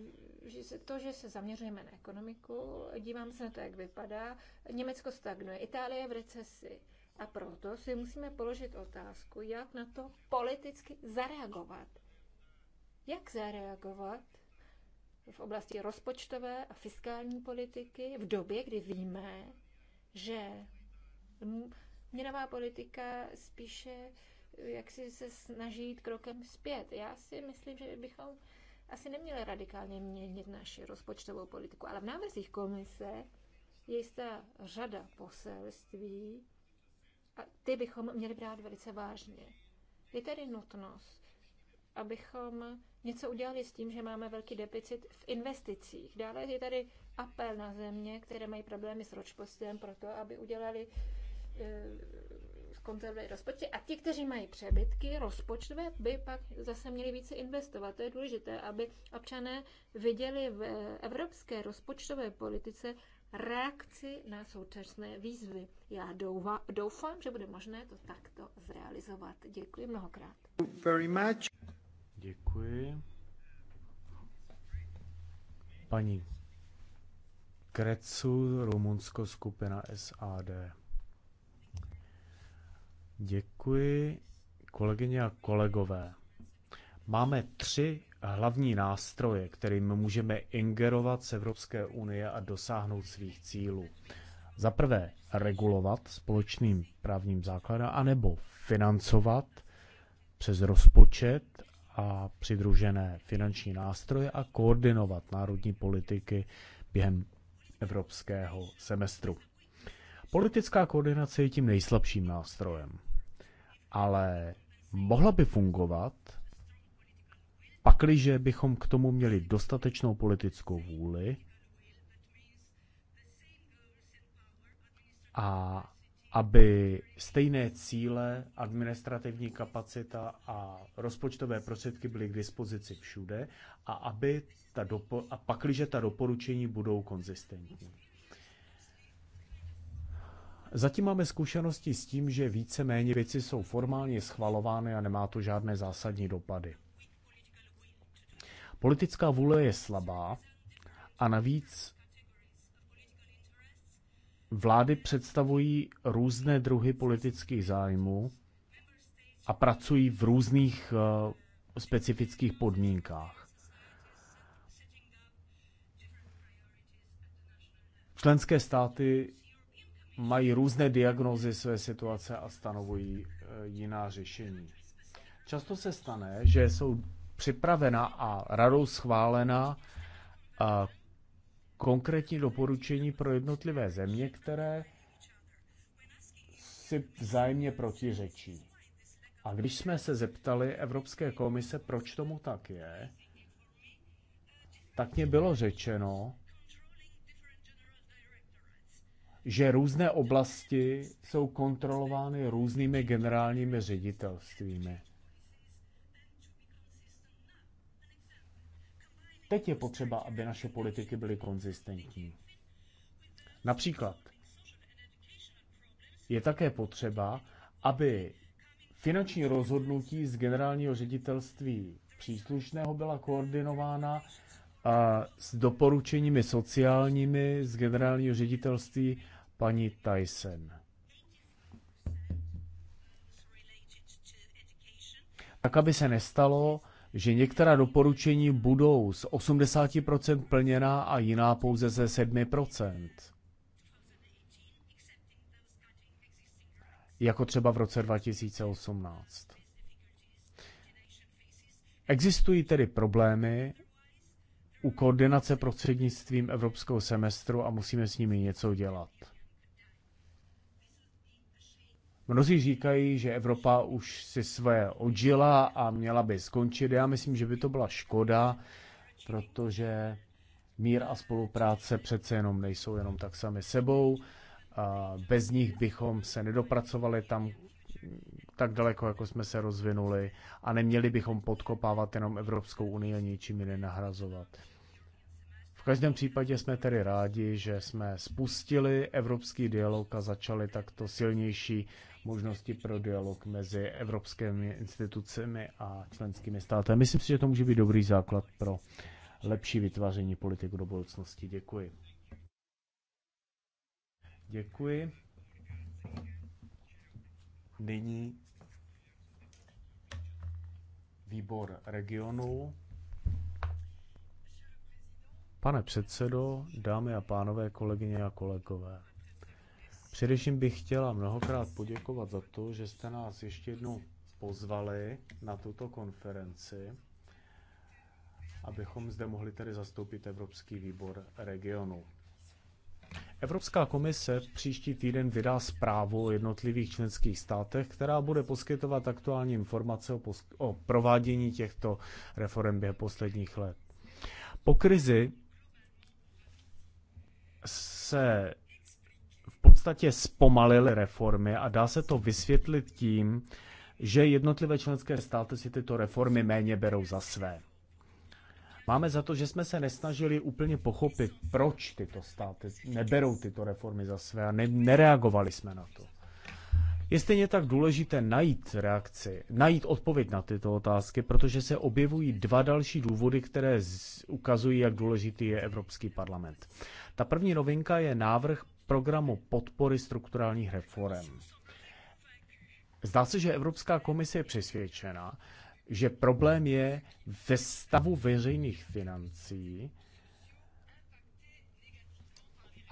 že se, to, že se zaměřujeme na ekonomiku, dívám se na to, jak vypadá. Německo stagnuje, Itálie je v recesi. A proto si musíme položit otázku, jak na to politicky zareagovat. Jak zareagovat v oblasti rozpočtové a fiskální politiky v době, kdy víme, že měnová politika spíše eh, jak si se snaží jít krokem zpět. Já si myslím, že bychom asi neměli radikálně měnit naši rozpočtovou politiku, ale v návrzích komise je jistá řada poselství a ty bychom měli brát velice vážně. Je tedy nutnost, abychom něco udělali s tím, že máme velký deficit v investicích. Dále je tady apel na země, které mají problémy s ročpostem, proto aby udělali eh, konzervy rozpočty a ti, kteří mají přebytky rozpočtové, by pak zase měli více investovat. To je důležité, aby občané viděli v evropské rozpočtové politice reakci na současné výzvy. Já doufám, že bude možné to takto zrealizovat. Děkuji mnohokrát. Very much. Děkuji. Paní Krecu, Rumunsko, skupina SAD. Děkuji, kolegyně a kolegové. Máme tři hlavní nástroje, kterými můžeme ingerovat z Evropské unie a dosáhnout svých cílů. Za prvé regulovat společným právním základem, anebo financovat přes rozpočet a přidružené finanční nástroje a koordinovat národní politiky během evropského semestru. Politická koordinace je tím nejslabším nástrojem, ale mohla by fungovat, pakliže bychom k tomu měli dostatečnou politickou vůli a aby stejné cíle, administrativní kapacita a rozpočtové prostředky byly k dispozici všude a aby ta dopo- a pakliže ta doporučení budou konzistentní. Zatím máme zkušenosti s tím, že více-méně věci jsou formálně schvalovány a nemá to žádné zásadní dopady. Politická vůle je slabá a navíc vlády představují různé druhy politických zájmů a pracují v různých eh, specifických podmínkách. Členské státy mají různé diagnózy své situace a stanovují e, jiná řešení. Často se stane, že jsou připravena a radou schválena e, konkrétní doporučení pro jednotlivé země, které si vzájemně protiřečí. A když jsme se zeptali Evropské komise, proč tomu tak je, tak mě bylo řečeno, že různé oblasti jsou kontrolovány různými generálními ředitelstvími. Teď je potřeba, aby naše politiky byly konzistentní. Například je také potřeba, aby finanční rozhodnutí z generálního ředitelství příslušného byla koordinována a s doporučeními sociálními z generálního ředitelství paní Tyson. Tak, aby se nestalo, že některá doporučení budou z 80% plněná a jiná pouze ze 7%. Jako třeba v roce 2018. Existují tedy problémy, u koordinace prostřednictvím evropského semestru a musíme s nimi něco dělat. Mnozí říkají, že Evropa už si své odžila a měla by skončit. Já myslím, že by to byla škoda, protože mír a spolupráce přece jenom nejsou jenom tak sami sebou. Bez nich bychom se nedopracovali tam tak daleko, jako jsme se rozvinuli a neměli bychom podkopávat jenom Evropskou unii a ničím ji nenahrazovat. V každém případě jsme tedy rádi, že jsme spustili evropský dialog a začali takto silnější možnosti pro dialog mezi evropskými institucemi a členskými státy. Myslím si, že to může být dobrý základ pro lepší vytváření politiku do budoucnosti. Děkuji. Děkuji. Nyní výbor regionu. Pane předsedo, dámy a pánové, kolegyně a kolegové, především bych chtěla mnohokrát poděkovat za to, že jste nás ještě jednou pozvali na tuto konferenci, abychom zde mohli tedy zastoupit Evropský výbor regionu. Evropská komise příští týden vydá zprávu o jednotlivých členských státech, která bude poskytovat aktuální informace o, o provádění těchto reform během posledních let. Po krizi se v podstatě zpomalily reformy a dá se to vysvětlit tím, že jednotlivé členské státy si tyto reformy méně berou za své. Máme za to, že jsme se nesnažili úplně pochopit, proč tyto státy neberou tyto reformy za své a ne- nereagovali jsme na to. Je stejně tak důležité najít reakci, najít odpověď na tyto otázky, protože se objevují dva další důvody, které ukazují, jak důležitý je Evropský parlament. Ta první novinka je návrh programu podpory strukturálních reform. Zdá se, že Evropská komise je přesvědčena, že problém je ve stavu veřejných financí,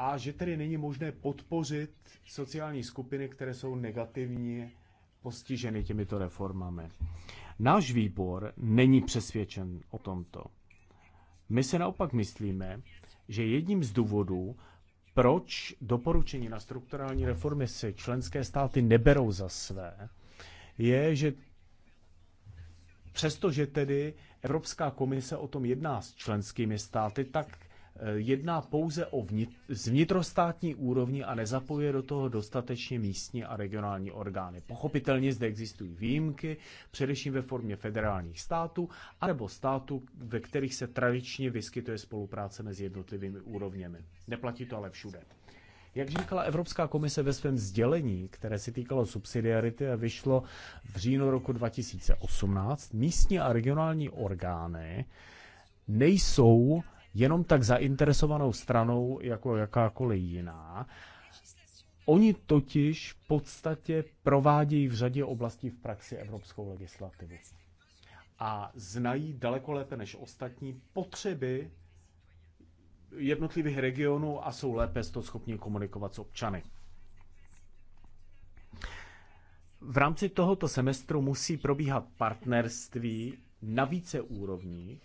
a že tedy není možné podpořit sociální skupiny, které jsou negativně postiženy těmito reformami. Náš výbor není přesvědčen o tomto. My se naopak myslíme, že jedním z důvodů, proč doporučení na strukturální reformy si členské státy neberou za své, je, že přestože tedy Evropská komise o tom jedná s členskými státy, tak Eh, jedná pouze o vnit- z vnitrostátní úrovni a nezapojuje do toho dostatečně místní a regionální orgány. Pochopitelně zde existují výjimky, především ve formě federálních států, anebo států, ve kterých se tradičně vyskytuje spolupráce mezi jednotlivými úrovněmi. Neplatí to ale všude. Jak říkala Evropská komise ve svém sdělení, které se týkalo subsidiarity a vyšlo v říjnu roku 2018, místní a regionální orgány nejsou jenom tak zainteresovanou stranou jako jakákoliv jiná. Oni totiž v podstatě provádějí v řadě oblastí v praxi evropskou legislativu. A znají daleko lépe než ostatní potřeby jednotlivých regionů a jsou lépe to schopni komunikovat s občany. V rámci tohoto semestru musí probíhat partnerství na více úrovních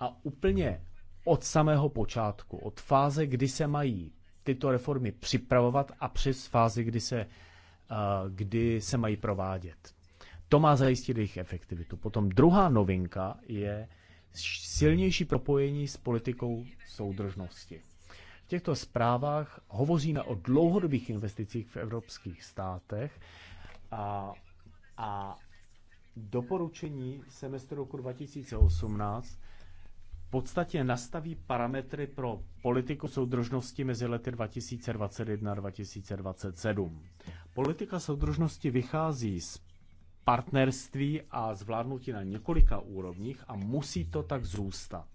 a úplně od samého počátku, od fáze, kdy se mají tyto reformy připravovat a přes fázi, kdy se, eh, kdy se mají provádět. To má zajistit jejich efektivitu. Potom druhá novinka je silnější propojení s politikou soudržnosti. V těchto zprávách hovoříme o dlouhodobých investicích v evropských státech a, a doporučení semestru roku 2018 podstatě nastaví parametry pro politiku soudržnosti mezi lety 2021 a 2027. Politika soudržnosti vychází z partnerství a zvládnutí na několika úrovních a musí to tak zůstat.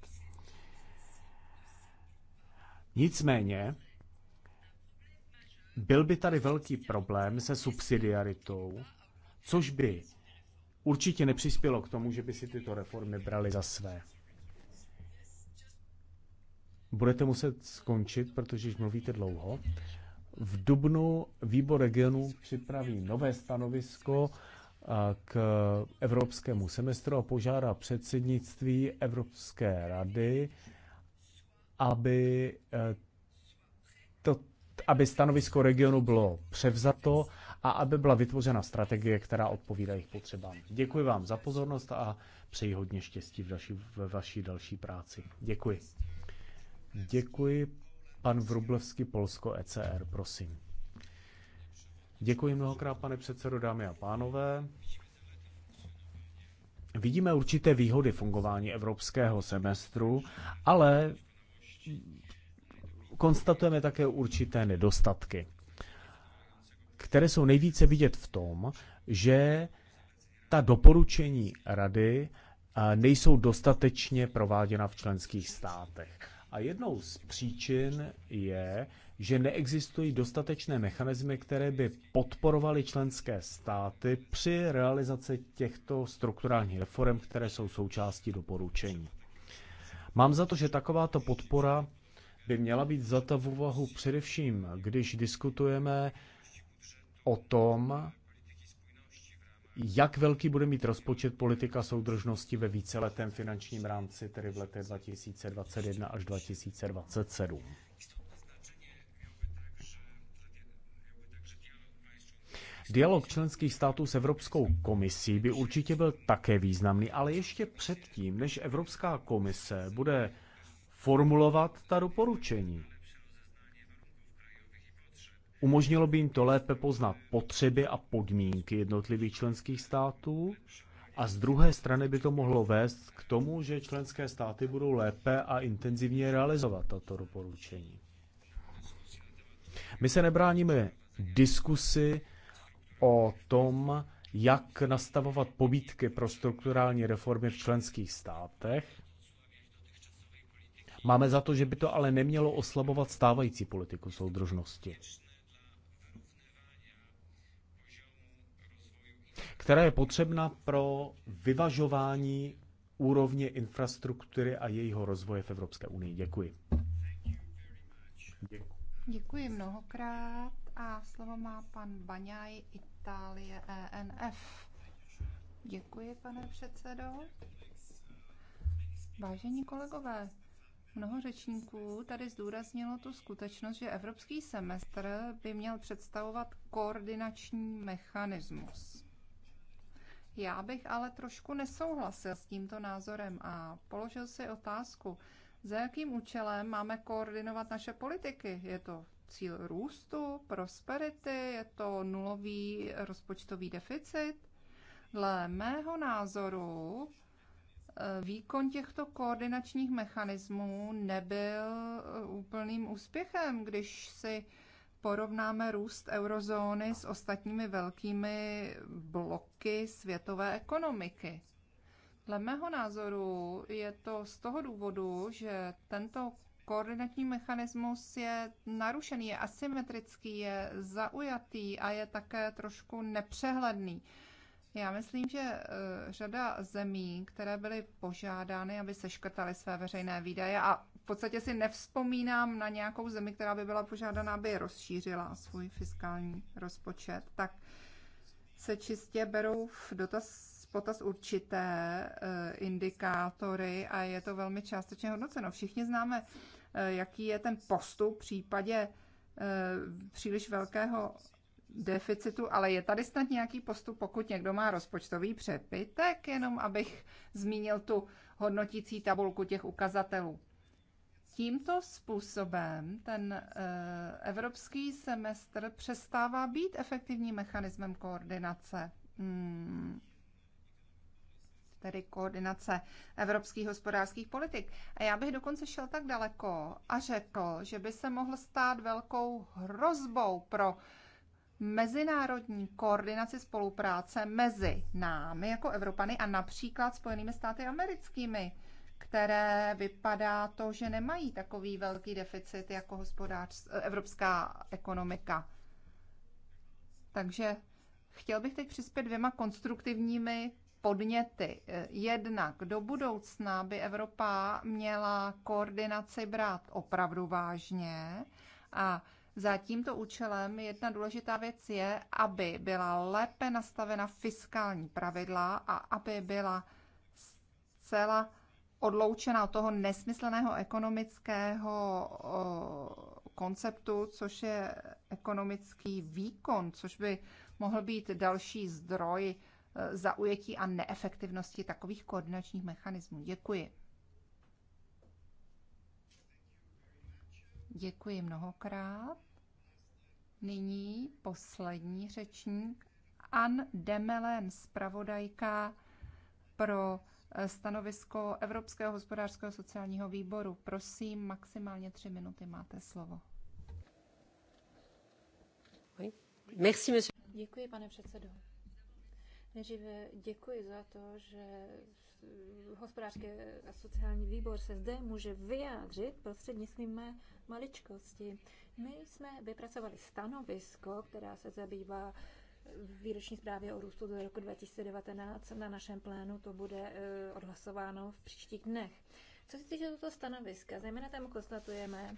Nicméně, byl by tady velký problém se subsidiaritou, což by určitě nepřispělo k tomu, že by si tyto reformy brali za své budete muset skončit, protože již mluvíte dlouho. V dubnu výbor regionu připraví nové stanovisko k evropskému semestru a požádá předsednictví Evropské rady, aby, e, to, aby stanovisko regionu bylo převzato a aby byla vytvořena strategie, která odpovídá jejich potřebám. Děkuji vám za pozornost a přeji hodně štěstí v další, v vaší další práci. Děkuji. Děkuji. Pan Vrublevský, Polsko, ECR, prosím. Děkuji mnohokrát, pane předsedo, dámy a pánové. Vidíme určité výhody fungování evropského semestru, ale konstatujeme také určité nedostatky, které jsou nejvíce vidět v tom, že ta doporučení rady nejsou dostatečně prováděna v členských státech. A jednou z příčin je, že neexistují dostatečné mechanismy, které by podporovaly členské státy při realizaci těchto strukturálních reform, které jsou součástí doporučení. Mám za to, že takováto podpora by měla být vzata v úvahu především, když diskutujeme o tom, jak velký bude mít rozpočet politika soudržnosti ve víceletém finančním rámci, tedy v letech 2021 až 2027. Dialog členských států s Evropskou komisí by určitě byl také významný, ale ještě předtím, než Evropská komise bude formulovat ta doporučení. Umožnilo by jim to lépe poznat potřeby a podmínky jednotlivých členských států a z druhé strany by to mohlo vést k tomu, že členské státy budou lépe a intenzivně realizovat tato doporučení. My se nebráníme diskusy o tom, jak nastavovat pobídky pro strukturální reformy v členských státech. Máme za to, že by to ale nemělo oslabovat stávající politiku soudržnosti. která je potřebna pro vyvažování úrovně infrastruktury a jejího rozvoje v Evropské unii. Děkuji. Děkuji, Děkuji mnohokrát a slovo má pan Baňaj Itálie ENF. Děkuji, pane předsedo. Vážení kolegové, Mnoho řečníků tady zdůraznilo tu skutečnost, že evropský semestr by měl představovat koordinační mechanismus. Já bych ale trošku nesouhlasil s tímto názorem a položil si otázku, za jakým účelem máme koordinovat naše politiky? Je to cíl růstu, prosperity, je to nulový rozpočtový deficit? Dle mého názoru eh, výkon těchto koordinačních mechanismů nebyl eh, úplným úspěchem, když si porovnáme růst eurozóny s ostatními velkými bloky světové ekonomiky. Dle mého názoru je to z toho důvodu, že tento koordinační mechanismus je narušený, je asymetrický, je zaujatý a je také trošku nepřehledný. Já myslím, že eh, řada zemí, které byly požádány, aby seškrtaly své veřejné výdaje a podstatě si nevzpomínám na nějakou zemi, která by byla požádaná, aby rozšířila svůj fiskální rozpočet, tak se čistě berou v dotaz potaz určité eh, indikátory a je to velmi částečně hodnoceno. Všichni známe, eh, jaký je ten postup v případě eh, příliš velkého deficitu, ale je tady snad nějaký postup, pokud někdo má rozpočtový přepitek, jenom abych zmínil tu hodnotící tabulku těch ukazatelů tímto způsobem ten eh, evropský semestr přestává být efektivním mechanismem koordinace. Hmm tedy koordinace evropských hospodářských politik. A já bych dokonce šel tak daleko a řekl, že by se mohl stát velkou hrozbou pro mezinárodní koordinaci spolupráce mezi námi jako Evropany a například Spojenými státy americkými které vypadá to, že nemají takový velký deficit jako evropská ekonomika. Takže chtěl bych teď přispět dvěma konstruktivními podněty. Jednak do budoucna by Evropa měla koordinaci brát opravdu vážně a za tímto účelem jedna důležitá věc je, aby byla lépe nastavena fiskální pravidla a aby byla zcela odloučena od toho nesmyslného ekonomického konceptu, což je ekonomický výkon, což by mohl být další zdroj e, zaujetí a neefektivnosti takových koordinačních mechanismů. Děkuji. Děkuji mnohokrát. Nyní poslední řečník, Ann Demelen, zpravodajka pro Eh, stanovisko Evropského hospodářského sociálního výboru. Prosím, maximálně tři minuty máte slovo. Děkuji, pane předsedo. Nejdříve děkuji za to, že hospodářský a sociální výbor se zde může vyjádřit prostřednictvím mé maličkosti. My jsme vypracovali stanovisko, která se zabývá výroční zprávě o růstu do roku 2019 na našem plénu to bude eh, odhlasováno v příštích dnech. Co se týče toto stanoviska, zejména tam konstatujeme,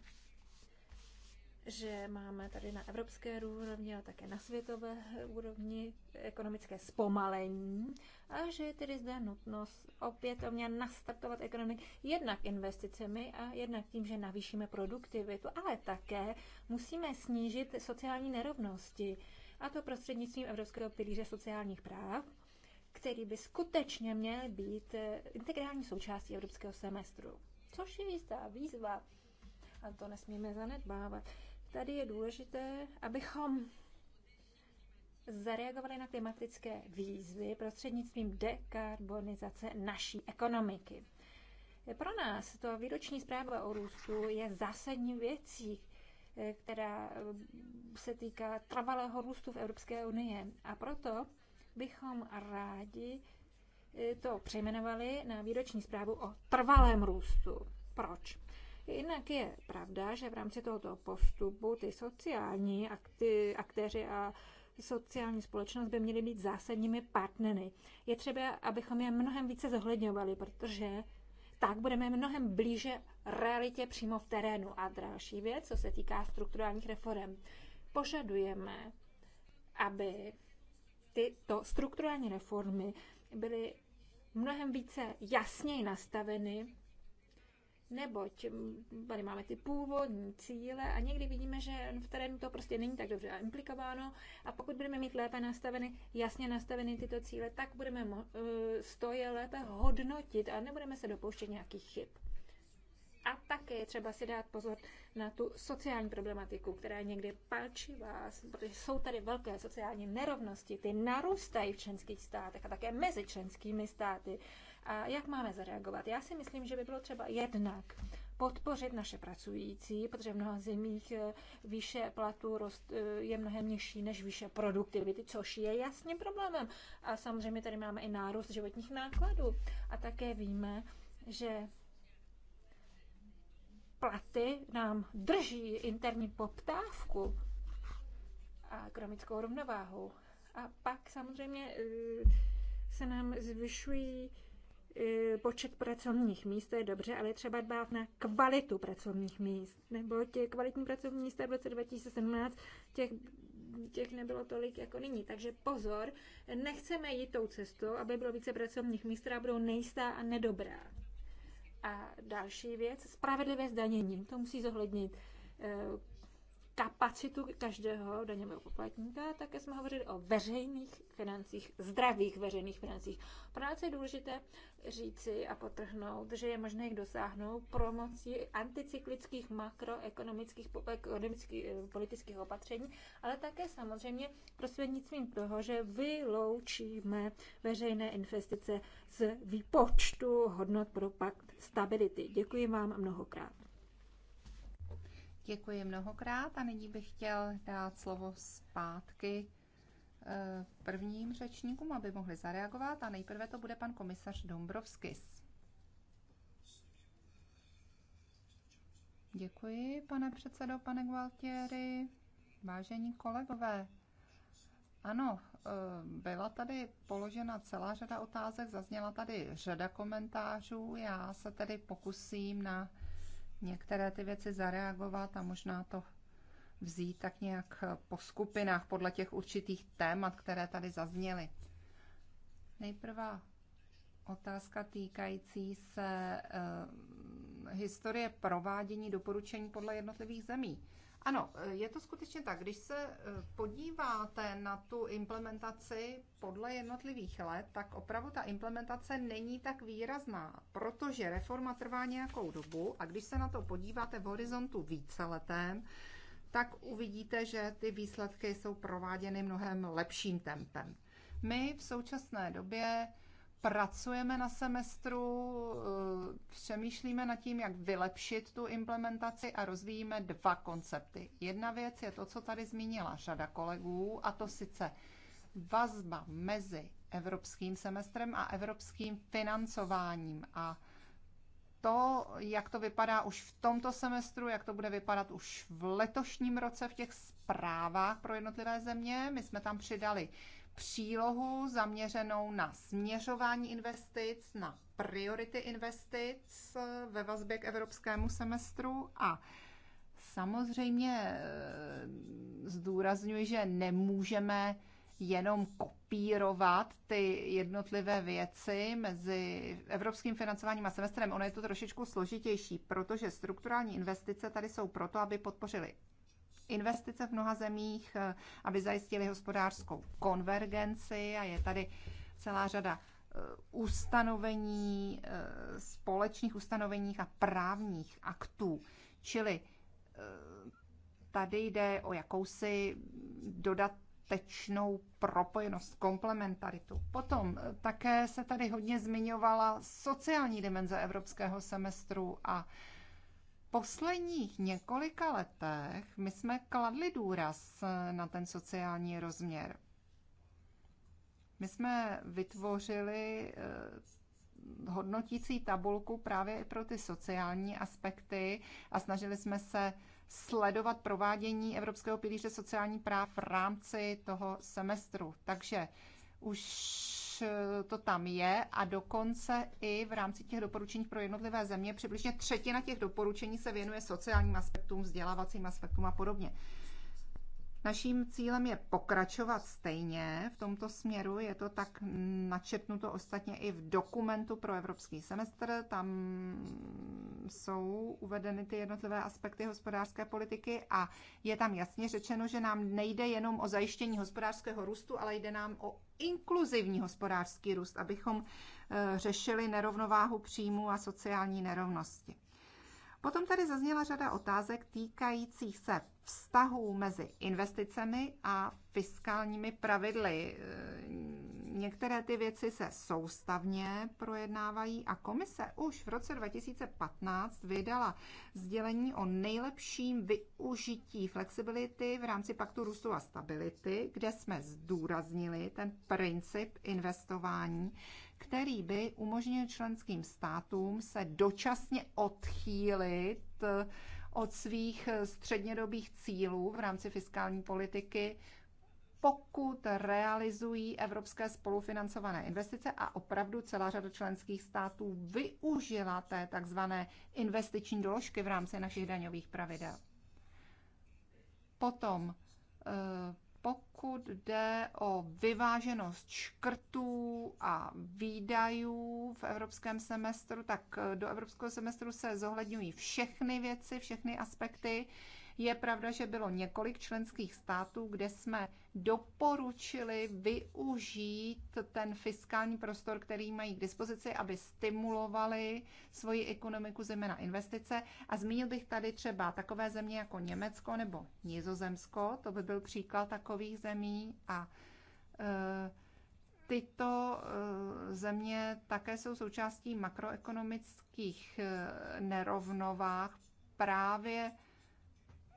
že máme tady na evropské úrovni, ale také na světové úrovni ekonomické zpomalení a že je tedy zde nutnost opětovně nastartovat ekonomiku jednak investicemi a jednak tím, že navýšíme produktivitu, ale také musíme snížit sociální nerovnosti a to prostřednictvím Evropského pilíře sociálních práv, který by skutečně měl být eh, integrální součástí evropského semestru. Což je jistá výzva, a to nesmíme zanedbávat. Tady je důležité, abychom zareagovali na klimatické výzvy prostřednictvím dekarbonizace naší ekonomiky. Pro nás to výroční zpráva o růstu je zásadní věcí, Eh, která eh, se týká trvalého růstu v Evropské unii. A proto bychom rádi eh, to přejmenovali na výroční zprávu o trvalém růstu. Proč? Jinak je pravda, že v rámci tohoto postupu ty sociální akty, aktéři a sociální společnost by měly být zásadními partnery. Je třeba, abychom je mnohem více zohledňovali, protože tak budeme mnohem blíže realitě přímo v terénu. A další věc, co se týká strukturálních reform, požadujeme, aby tyto strukturální reformy byly mnohem více jasněji nastaveny neboť hm, tady máme ty původní cíle a někdy vidíme, že v terénu to prostě není tak dobře implikováno a pokud budeme mít lépe nastaveny, jasně nastaveny tyto cíle, tak budeme eh, stoje lépe hodnotit a nebudeme se dopouštět nějakých chyb. A také je třeba si dát pozor na tu sociální problematiku, která je někdy palčivá, protože jsou tady velké sociální nerovnosti, ty narůstají v členských státech a také mezi členskými státy. A jak máme zareagovat? Já si myslím, že by bylo třeba jednak podpořit naše pracující, protože v mnoha zemích eh, výše rost eh, je mnohem nižší než výše produktivity, což je jasným problémem. A samozřejmě tady máme i nárůst životních nákladů. A také víme, že platy nám drží interní poptávku a ekonomickou rovnováhu. A pak samozřejmě eh, se nám zvyšují E, počet pracovních míst, to je dobře, ale je třeba dbát na kvalitu pracovních míst. Nebo těch kvalitní pracovní místa v roce 2017 těch, těch nebylo tolik jako nyní. Takže pozor, nechceme jít tou cestou, aby bylo více pracovních míst, která budou nejistá a nedobrá. A další věc, spravedlivé zdanění. To musí zohlednit e, kapacitu každého daňového poplatníka, také jsme hovořili o veřejných financích, zdravých veřejných financích. Pro nás je důležité říci a potrhnout, že je možné jich dosáhnout promocí anticyklických makroekonomických eh, politických opatření, ale také samozřejmě prostřednictvím toho, že vyloučíme veřejné investice z výpočtu hodnot pro pakt stability. Děkuji vám mnohokrát. Děkuji mnohokrát a nyní bych chtěl dát slovo zpátky eh, prvním řečníkům, aby mohli zareagovat a nejprve to bude pan komisař Dombrovskis. Děkuji, pane předsedo, pane Gualtieri, vážení kolegové. Ano, eh, byla tady položena celá řada otázek, zazněla tady řada komentářů. Já se tedy pokusím na některé ty věci zareagovat a možná to vzít tak nějak po skupinách podle těch určitých témat, které tady zazněly. Nejprve otázka týkající se eh, historie provádění doporučení podle jednotlivých zemí. Ano, eh, je to skutečně tak. Když se eh, podíváte na tu implementaci podle jednotlivých let, tak opravdu ta implementace není tak výrazná, protože reforma trvá nějakou dobu a když se na to podíváte v horizontu víceletém, tak uvidíte, že ty výsledky jsou prováděny mnohem lepším tempem. My v současné době pracujeme na semestru, eh, přemýšlíme nad tím, jak vylepšit tu implementaci a rozvíjíme dva koncepty. Jedna věc je to, co tady zmínila řada kolegů, a to sice vazba mezi evropským semestrem a evropským financováním a to, jak to vypadá už v tomto semestru, jak to bude vypadat už v letošním roce v těch zprávách pro jednotlivé země. My jsme tam přidali přílohu zaměřenou na směřování investic, na priority investic ve vazbě k evropskému semestru a samozřejmě e, zdůrazňuji, že nemůžeme jenom kopírovat ty jednotlivé věci mezi evropským financováním a semestrem. Ono je to trošičku složitější, protože strukturální investice tady jsou proto, aby podpořili investice v mnoha zemích, eh, aby zajistili hospodářskou konvergenci a je tady celá řada eh, ustanovení, eh, společných ustanoveních a právních aktů. Čili tady jde o jakousi dodatečnou propojenost, komplementaritu. Potom také se tady hodně zmiňovala sociální dimenze evropského semestru a posledních několika letech my jsme kladli důraz na ten sociální rozměr. My jsme vytvořili eh, hodnotící tabulku právě i pro ty sociální aspekty a snažili jsme se sledovat provádění Evropského pilíře sociální práv v rámci toho semestru. Takže už Eh, to tam je a dokonce i v rámci těch doporučení pro jednotlivé země přibližně třetina těch doporučení se věnuje sociálním aspektům, vzdělávacím aspektům a podobně. Naším cílem je pokračovat stejně v tomto směru. Je to tak načetnuto ostatně i v dokumentu pro evropský semestr. Tam jsou uvedeny ty jednotlivé aspekty hospodářské politiky a je tam jasně řečeno, že nám nejde jenom o zajištění hospodářského růstu, ale jde nám o inkluzivní hospodářský růst, abychom eh, řešili nerovnováhu příjmů a sociální nerovnosti. Potom tady zazněla řada otázek týkajících se vztahů mezi investicemi a fiskálními pravidly. Některé ty věci se soustavně projednávají a komise už v roce 2015 vydala sdělení o nejlepším využití flexibility v rámci paktu růstu a stability, kde jsme zdůraznili ten princip investování, který by umožnil členským státům se dočasně odchýlit od svých eh, střednědobých cílů v rámci fiskální politiky, pokud realizují evropské spolufinancované investice a opravdu celá řada členských států využila té takzvané investiční doložky v rámci našich daňových pravidel. Potom eh, pokud jde o vyváženost škrtů a výdajů v evropském semestru, tak do evropského semestru se zohledňují všechny věci, všechny aspekty. Je pravda, že bylo několik členských států, kde jsme doporučili využít ten fiskální prostor, který mají k dispozici, aby stimulovali svoji ekonomiku, zejména investice. A zmínil bych tady třeba takové země jako Německo nebo Nizozemsko, to by byl příklad takových zemí. A e, tyto e, země také jsou součástí makroekonomických e, nerovnovách právě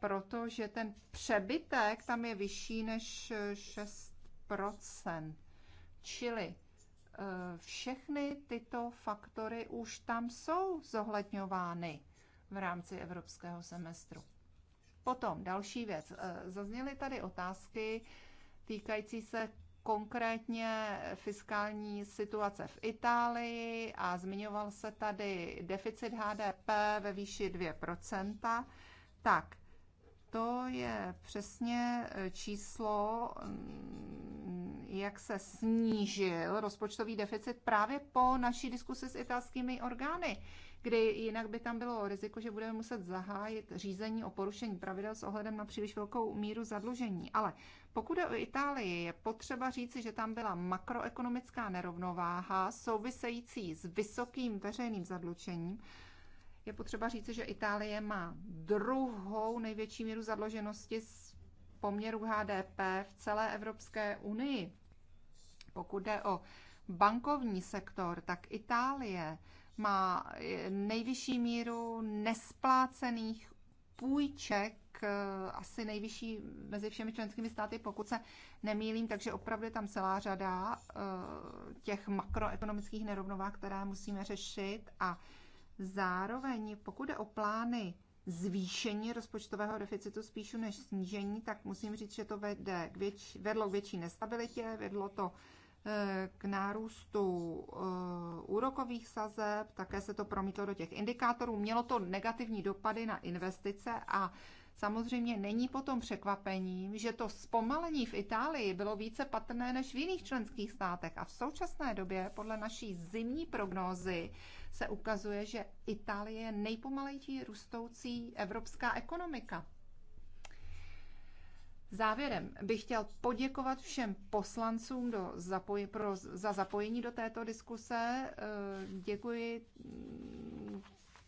protože ten přebytek tam je vyšší než 6%. Eh, Čili eh, všechny tyto faktory už tam jsou zohledňovány v rámci evropského semestru. Potom další věc. Eh, zazněly tady otázky týkající se konkrétně fiskální situace v Itálii a zmiňoval se tady deficit HDP ve výši 2%. Tak, to je přesně eh, číslo, mm, jak se snížil rozpočtový deficit právě po naší diskusi s italskými orgány, kdy jinak by tam bylo riziko, že budeme muset zahájit řízení o porušení pravidel s ohledem na příliš velkou míru zadlužení. Ale pokud je o Itálii, je potřeba říci, že tam byla makroekonomická nerovnováha související s vysokým veřejným zadlučením je potřeba říci, že Itálie má druhou největší míru zadluženosti z poměru HDP v celé Evropské unii. Pokud jde o bankovní sektor, tak Itálie má eh, nejvyšší míru nesplácených půjček, eh, asi nejvyšší mezi všemi členskými státy, pokud se nemýlím, takže opravdu je tam celá řada eh, těch makroekonomických nerovnovách, které musíme řešit a Zároveň, pokud jde o plány zvýšení rozpočtového deficitu spíše než snížení, tak musím říct, že to vede k větší, vedlo k větší nestabilitě, vedlo to eh, k nárůstu eh, úrokových sazeb, také se to promítlo do těch indikátorů. Mělo to negativní dopady na investice a Samozřejmě není potom překvapením, že to zpomalení v Itálii bylo více patrné než v jiných členských státech a v současné době podle naší zimní prognózy se ukazuje, že Itálie je nejpomalejší růstoucí evropská ekonomika. Závěrem bych chtěl poděkovat všem poslancům do zapoj, pro, za zapojení do této diskuse. Děkuji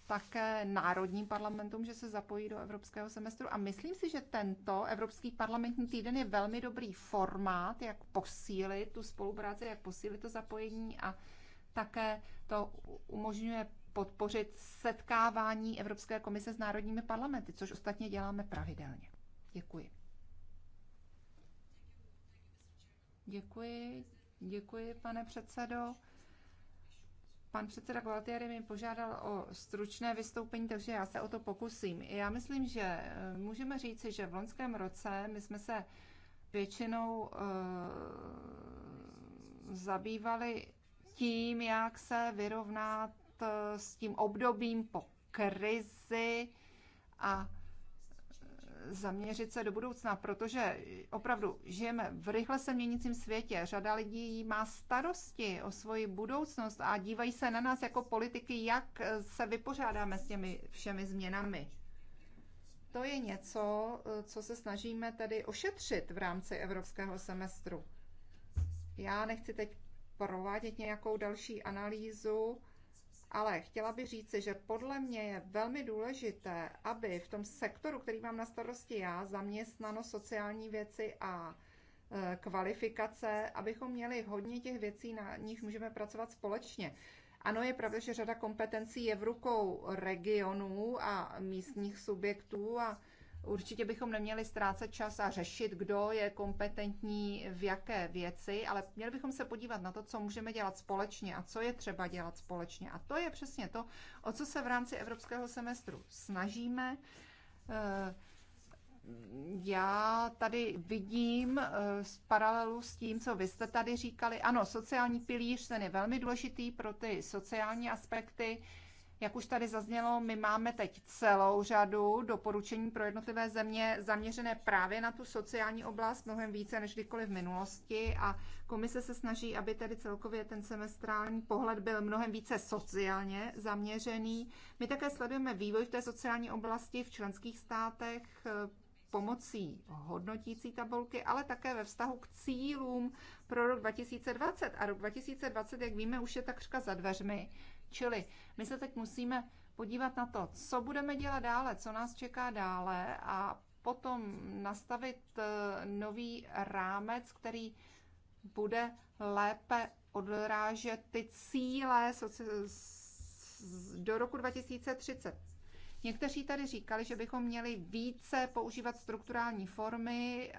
také národním parlamentům, že se zapojí do evropského semestru. A myslím si, že tento Evropský parlamentní týden je velmi dobrý formát, jak posílit tu spolupráci, jak posílit to zapojení a také to umožňuje podpořit setkávání Evropské komise s národními parlamenty, což ostatně děláme pravidelně. Děkuji. Děkuji, děkuji, pane předsedo. Pan předseda Gualtieri mi požádal o stručné vystoupení, takže já se o to pokusím. Já myslím, že eh, můžeme říci, že v loňském roce my jsme se většinou eh, zabývali tím, jak se vyrovnat eh, s tím obdobím po krizi a zaměřit se do budoucna, protože opravdu žijeme v rychle se měnícím světě. Řada lidí má starosti o svoji budoucnost a dívají se na nás jako politiky, jak se vypořádáme s těmi všemi změnami. To je něco, co se snažíme tedy ošetřit v rámci evropského semestru. Já nechci teď provádět nějakou další analýzu, ale chtěla bych říci, že podle mě je velmi důležité, aby v tom sektoru, který mám na starosti já, zaměstnano sociální věci a e, kvalifikace, abychom měli hodně těch věcí, na nich můžeme pracovat společně. Ano, je pravda, že řada kompetencí je v rukou regionů a místních subjektů a Určitě bychom neměli ztrácet čas a řešit, kdo je kompetentní v jaké věci, ale měli bychom se podívat na to, co můžeme dělat společně a co je třeba dělat společně. A to je přesně to, o co se v rámci evropského semestru snažíme. Eh, já tady vidím eh, z paralelu s tím, co vy jste tady říkali. Ano, sociální pilíř ten je velmi důležitý pro ty sociální aspekty jak už tady zaznělo, my máme teď celou řadu doporučení pro jednotlivé země zaměřené právě na tu sociální oblast, mnohem více než kdykoliv v minulosti a komise se snaží, aby tedy celkově ten semestrální pohled byl mnohem více sociálně zaměřený. My také sledujeme vývoj v té sociální oblasti v členských státech, eh, pomocí hodnotící tabulky, ale také ve vztahu k cílům pro rok 2020. A rok 2020, jak víme, už je takřka za dveřmi. Čili my se teď musíme podívat na to, co budeme dělat dále, co nás čeká dále a potom nastavit eh, nový rámec, který bude lépe odrážet ty cíle do roku 2030. Někteří tady říkali, že bychom měli více používat strukturální formy, e,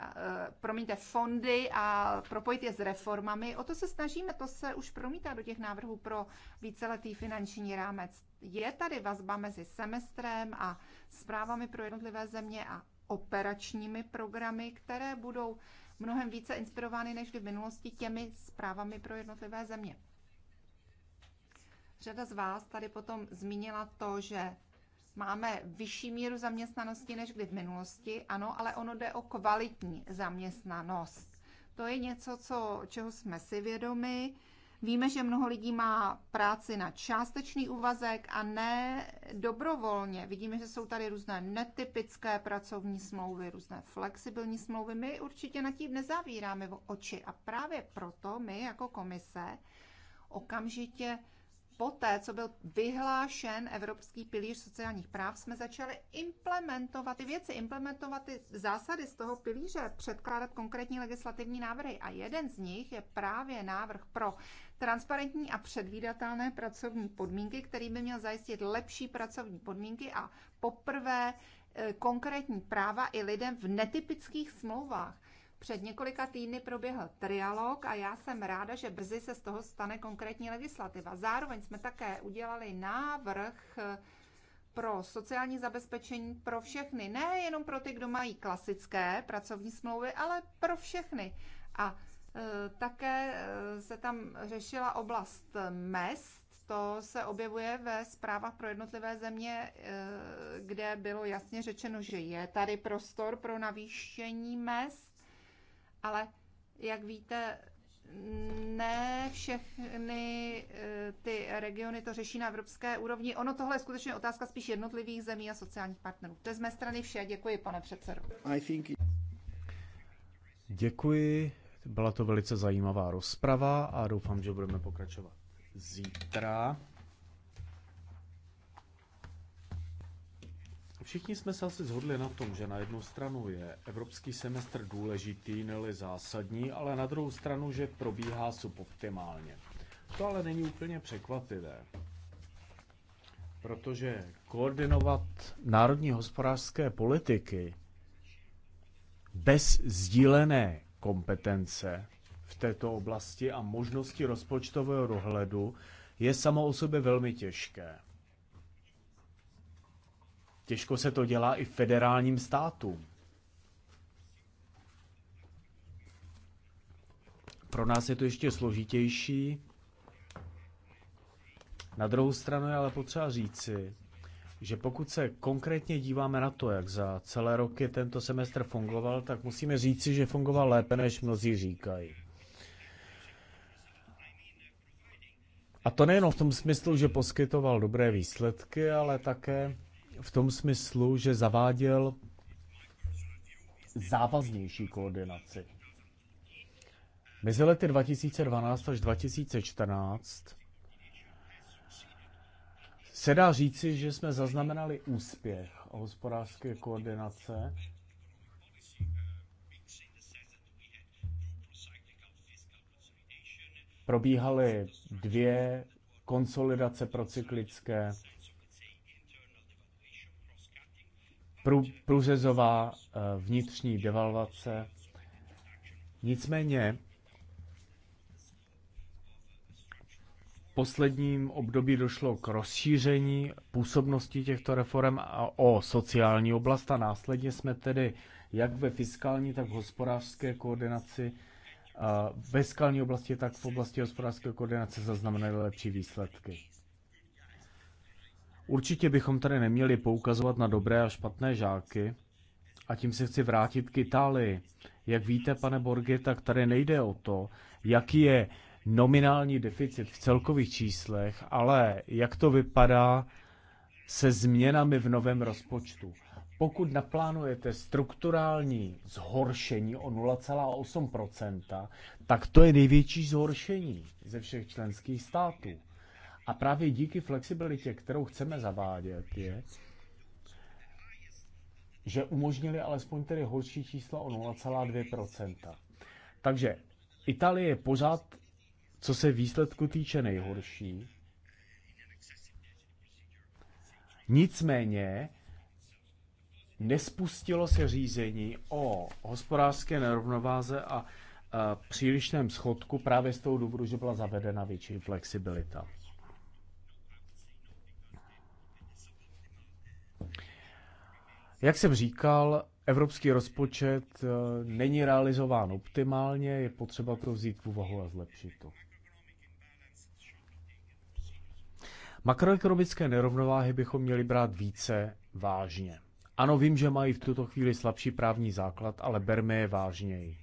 promiňte, fondy a propojit je s reformami. O to se snažíme, to se už promítá do těch návrhů pro víceletý finanční rámec. Je tady vazba mezi semestrem a zprávami pro jednotlivé země a operačními programy, které budou mnohem více inspirovány než v minulosti těmi zprávami pro jednotlivé země. Řada z vás tady potom zmínila to, že Máme vyšší míru zaměstnanosti než kdy v minulosti, ano, ale ono jde o kvalitní zaměstnanost. To je něco, co, čeho jsme si vědomi. Víme, že mnoho lidí má práci na částečný úvazek a ne dobrovolně. Vidíme, že jsou tady různé netypické pracovní smlouvy, různé flexibilní smlouvy. My určitě nad tím nezavíráme oči a právě proto my jako komise okamžitě poté, co byl vyhlášen Evropský pilíř sociálních práv, jsme začali implementovat ty věci, implementovat ty zásady z toho pilíře, předkládat konkrétní legislativní návrhy. A jeden z nich je právě návrh pro transparentní a předvídatelné pracovní podmínky, který by měl zajistit lepší pracovní podmínky a poprvé eh, konkrétní práva i lidem v netypických smlouvách. Před několika týdny proběhl trialog a já jsem ráda, že brzy se z toho stane konkrétní legislativa. Zároveň jsme také udělali návrh eh, pro sociální zabezpečení pro všechny. Ne jenom pro ty, kdo mají klasické pracovní smlouvy, ale pro všechny. A e, také eh, se tam řešila oblast mest. To se objevuje ve zprávách pro jednotlivé země, e, kde bylo jasně řečeno, že je tady prostor pro navýšení mest ale jak víte, ne všechny eh, ty regiony to řeší na evropské úrovni. Ono tohle je skutečně otázka spíš jednotlivých zemí a sociálních partnerů. To je z mé strany vše. Děkuji, pane předsedo. Think... Děkuji. Byla to velice zajímavá rozprava a doufám, že budeme pokračovat zítra. Všichni jsme se asi zhodli na tom, že na jednu stranu je evropský semestr důležitý, neli zásadní, ale na druhou stranu, že probíhá suboptimálně. To ale není úplně překvapivé, protože koordinovat národní hospodářské politiky bez sdílené kompetence v této oblasti a možnosti rozpočtového dohledu je samo o sobě velmi těžké. Těžko se to dělá i federálním státům. Pro nás je to ještě složitější. Na druhou stranu je ale potřeba říci, že pokud se konkrétně díváme na to, jak za celé roky tento semestr fungoval, tak musíme říci, že fungoval lépe, než mnozí říkají. A to nejenom v tom smyslu, že poskytoval dobré výsledky, ale také v tom smyslu, že zaváděl závaznější koordinaci. Mezi lety 2012 až 2014 se dá říci, že jsme zaznamenali úspěch hospodářské koordinace. Probíhaly dvě konsolidace procyklické, průřezová eh, vnitřní devalvace. Nicméně v posledním období došlo k rozšíření působnosti těchto reform o sociální oblast a následně jsme tedy jak ve fiskální, tak v hospodářské koordinaci eh, ve skalní oblasti, tak v oblasti hospodářské koordinace zaznamenaly lepší výsledky. Určitě bychom tady neměli poukazovat na dobré a špatné žáky. A tím se chci vrátit k Itálii. Jak víte, pane Borgi, tak tady nejde o to, jaký je nominální deficit v celkových číslech, ale jak to vypadá se změnami v novém rozpočtu. Pokud naplánujete strukturální zhoršení o 0,8%, tak to je největší zhoršení ze všech členských států. A právě díky flexibilitě, kterou chceme zavádět, je, že umožnili alespoň tedy horší čísla o 0,2%. Takže Itálie je pořád, co se výsledku týče, nejhorší. Nicméně nespustilo se řízení o hospodářské nerovnováze a přílišném schodku právě z toho důvodu, že byla zavedena větší flexibilita. Jak jsem říkal, evropský rozpočet eh, není realizován optimálně, je potřeba to vzít v úvahu a zlepšit to. Makroekonomické nerovnováhy bychom měli brát více vážně. Ano, vím, že mají v tuto chvíli slabší právní základ, ale berme je vážněji.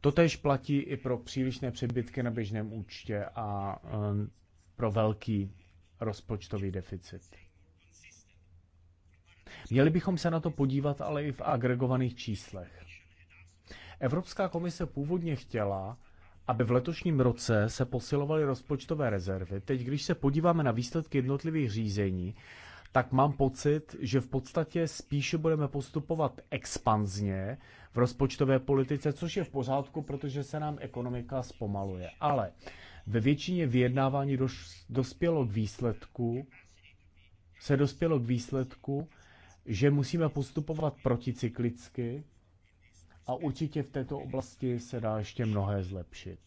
Totež platí i pro přílišné přebytky na běžném účtě a eh, pro velký rozpočtový deficit. Měli bychom se na to podívat ale i v agregovaných číslech. Evropská komise původně chtěla, aby v letošním roce se posilovaly rozpočtové rezervy. Teď, když se podíváme na výsledky jednotlivých řízení, tak mám pocit, že v podstatě spíše budeme postupovat expanzně v rozpočtové politice, což je v pořádku, protože se nám ekonomika zpomaluje. Ale ve většině vyjednávání doš, dospělo k výsledku, se dospělo k výsledku, že musíme postupovat proticyklicky a určitě v této oblasti se dá ještě mnohé zlepšit.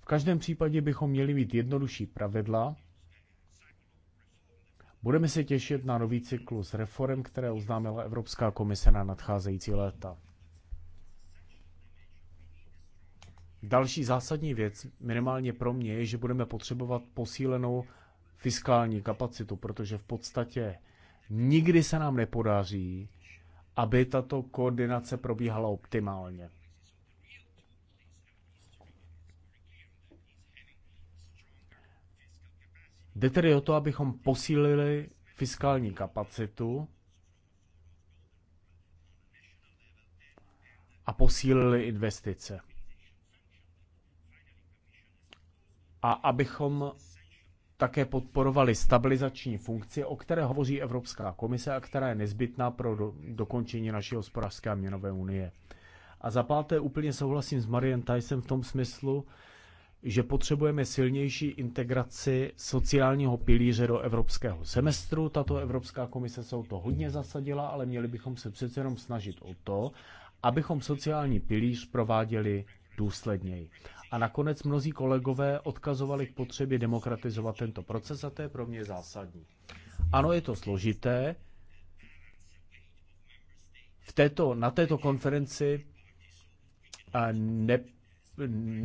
V každém případě bychom měli mít jednodušší pravidla. Budeme se těšit na nový cyklus reform, které oznámila Evropská komise na nadcházející léta. Další zásadní věc, minimálně pro mě, je, že budeme potřebovat posílenou fiskální kapacitu, protože v podstatě nikdy se nám nepodaří, aby tato koordinace probíhala optimálně. Jde tedy o to, abychom posílili fiskální kapacitu a posílili investice. a abychom také podporovali stabilizační funkci, o které hovoří Evropská komise a která je nezbytná pro do, dokončení naší hospodářské a měnové unie. A za páté úplně souhlasím s Marian Tyson v tom smyslu, že potřebujeme silnější integraci sociálního pilíře do evropského semestru. Tato Evropská komise se o to hodně zasadila, ale měli bychom se přece jenom snažit o to, abychom sociální pilíř prováděli důsledněji. A nakonec mnozí kolegové odkazovali k potřebě demokratizovat tento proces a to je pro mě zásadní. Ano, je to složité. V této, na této konferenci ne,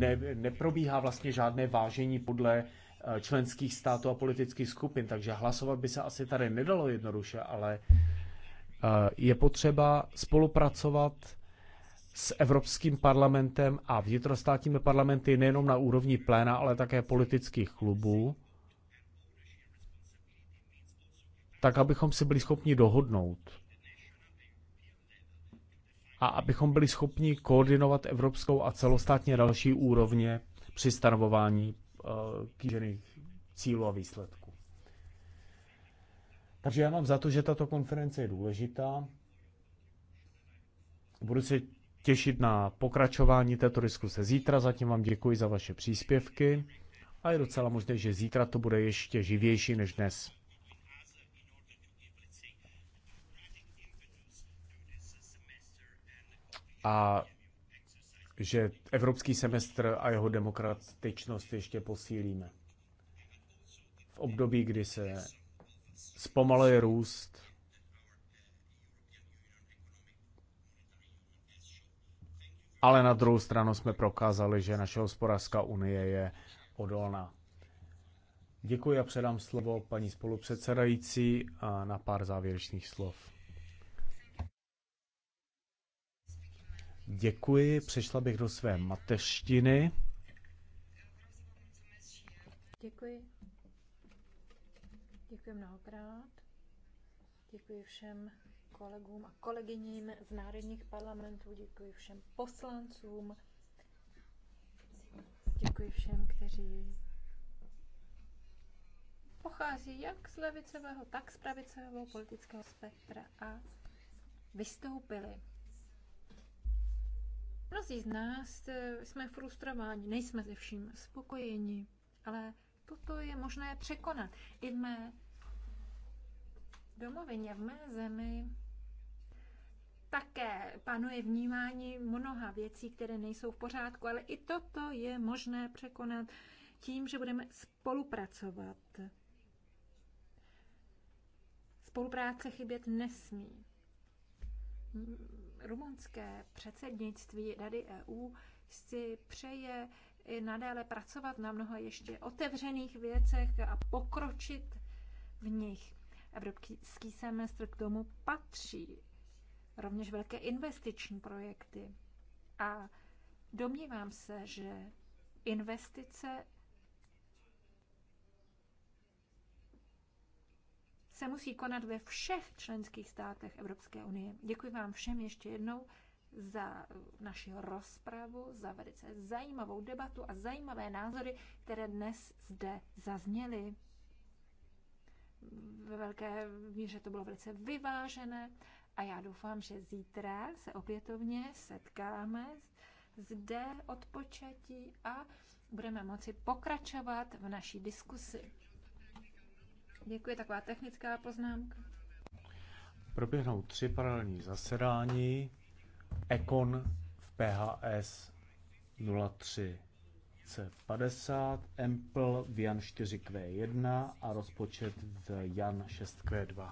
ne, neprobíhá vlastně žádné vážení podle e, členských států a politických skupin, takže hlasovat by se asi tady nedalo jednoduše, ale e, je potřeba spolupracovat s Evropským parlamentem a vnitrostátními parlamenty nejenom na úrovni pléna, ale také politických klubů, tak abychom si byli schopni dohodnout a abychom byli schopni koordinovat evropskou a celostátně další úrovně při stanovování eh, kýžených cílů a výsledků. Takže já mám za to, že tato konference je důležitá. Budu se těšit na pokračování této diskuse zítra. Zatím vám děkuji za vaše příspěvky a je docela možné, že zítra to bude ještě živější než dnes. A že evropský semestr a jeho demokratičnost ještě posílíme. V období, kdy se zpomaluje růst, ale na druhou stranu jsme prokázali, že naše hospodářská unie je odolná. Děkuji a předám slovo paní spolupředsedající a na pár závěrečných slov. Děkuji, přešla bych do své mateštiny. Děkuji. Děkuji mnohokrát. Děkuji všem kolegům a kolegyním z národních parlamentů, děkuji všem poslancům, děkuji všem, kteří pochází jak z levicového, tak z pravicového politického spektra a vystoupili. Mnozí z nás eh, jsme frustrováni, nejsme ze vším spokojeni, ale toto je možné překonat. I v mé domovině, v mé zemi, také panuje vnímání mnoha věcí, které nejsou v pořádku, ale i toto je možné překonat tím, že budeme spolupracovat. Spolupráce chybět nesmí. Rumunské předsednictví Rady EU si přeje i nadále pracovat na mnoha ještě otevřených věcech a pokročit v nich. Evropský semestr k tomu patří rovněž velké investiční projekty. A domnívám se, že investice se musí konat ve všech členských státech Evropské unie. Děkuji vám všem ještě jednou za naši rozpravu, za velice zajímavou debatu a zajímavé názory, které dnes zde zazněly. Ve velké míře to bylo velice vyvážené a já doufám, že zítra se opětovně setkáme zde od početí a budeme moci pokračovat v naší diskusi. Děkuji, taková technická poznámka. Proběhnou tři paralelní zasedání. Econ v PHS 03 C50, Empl v Jan 4Q1 a rozpočet v Jan 6Q2.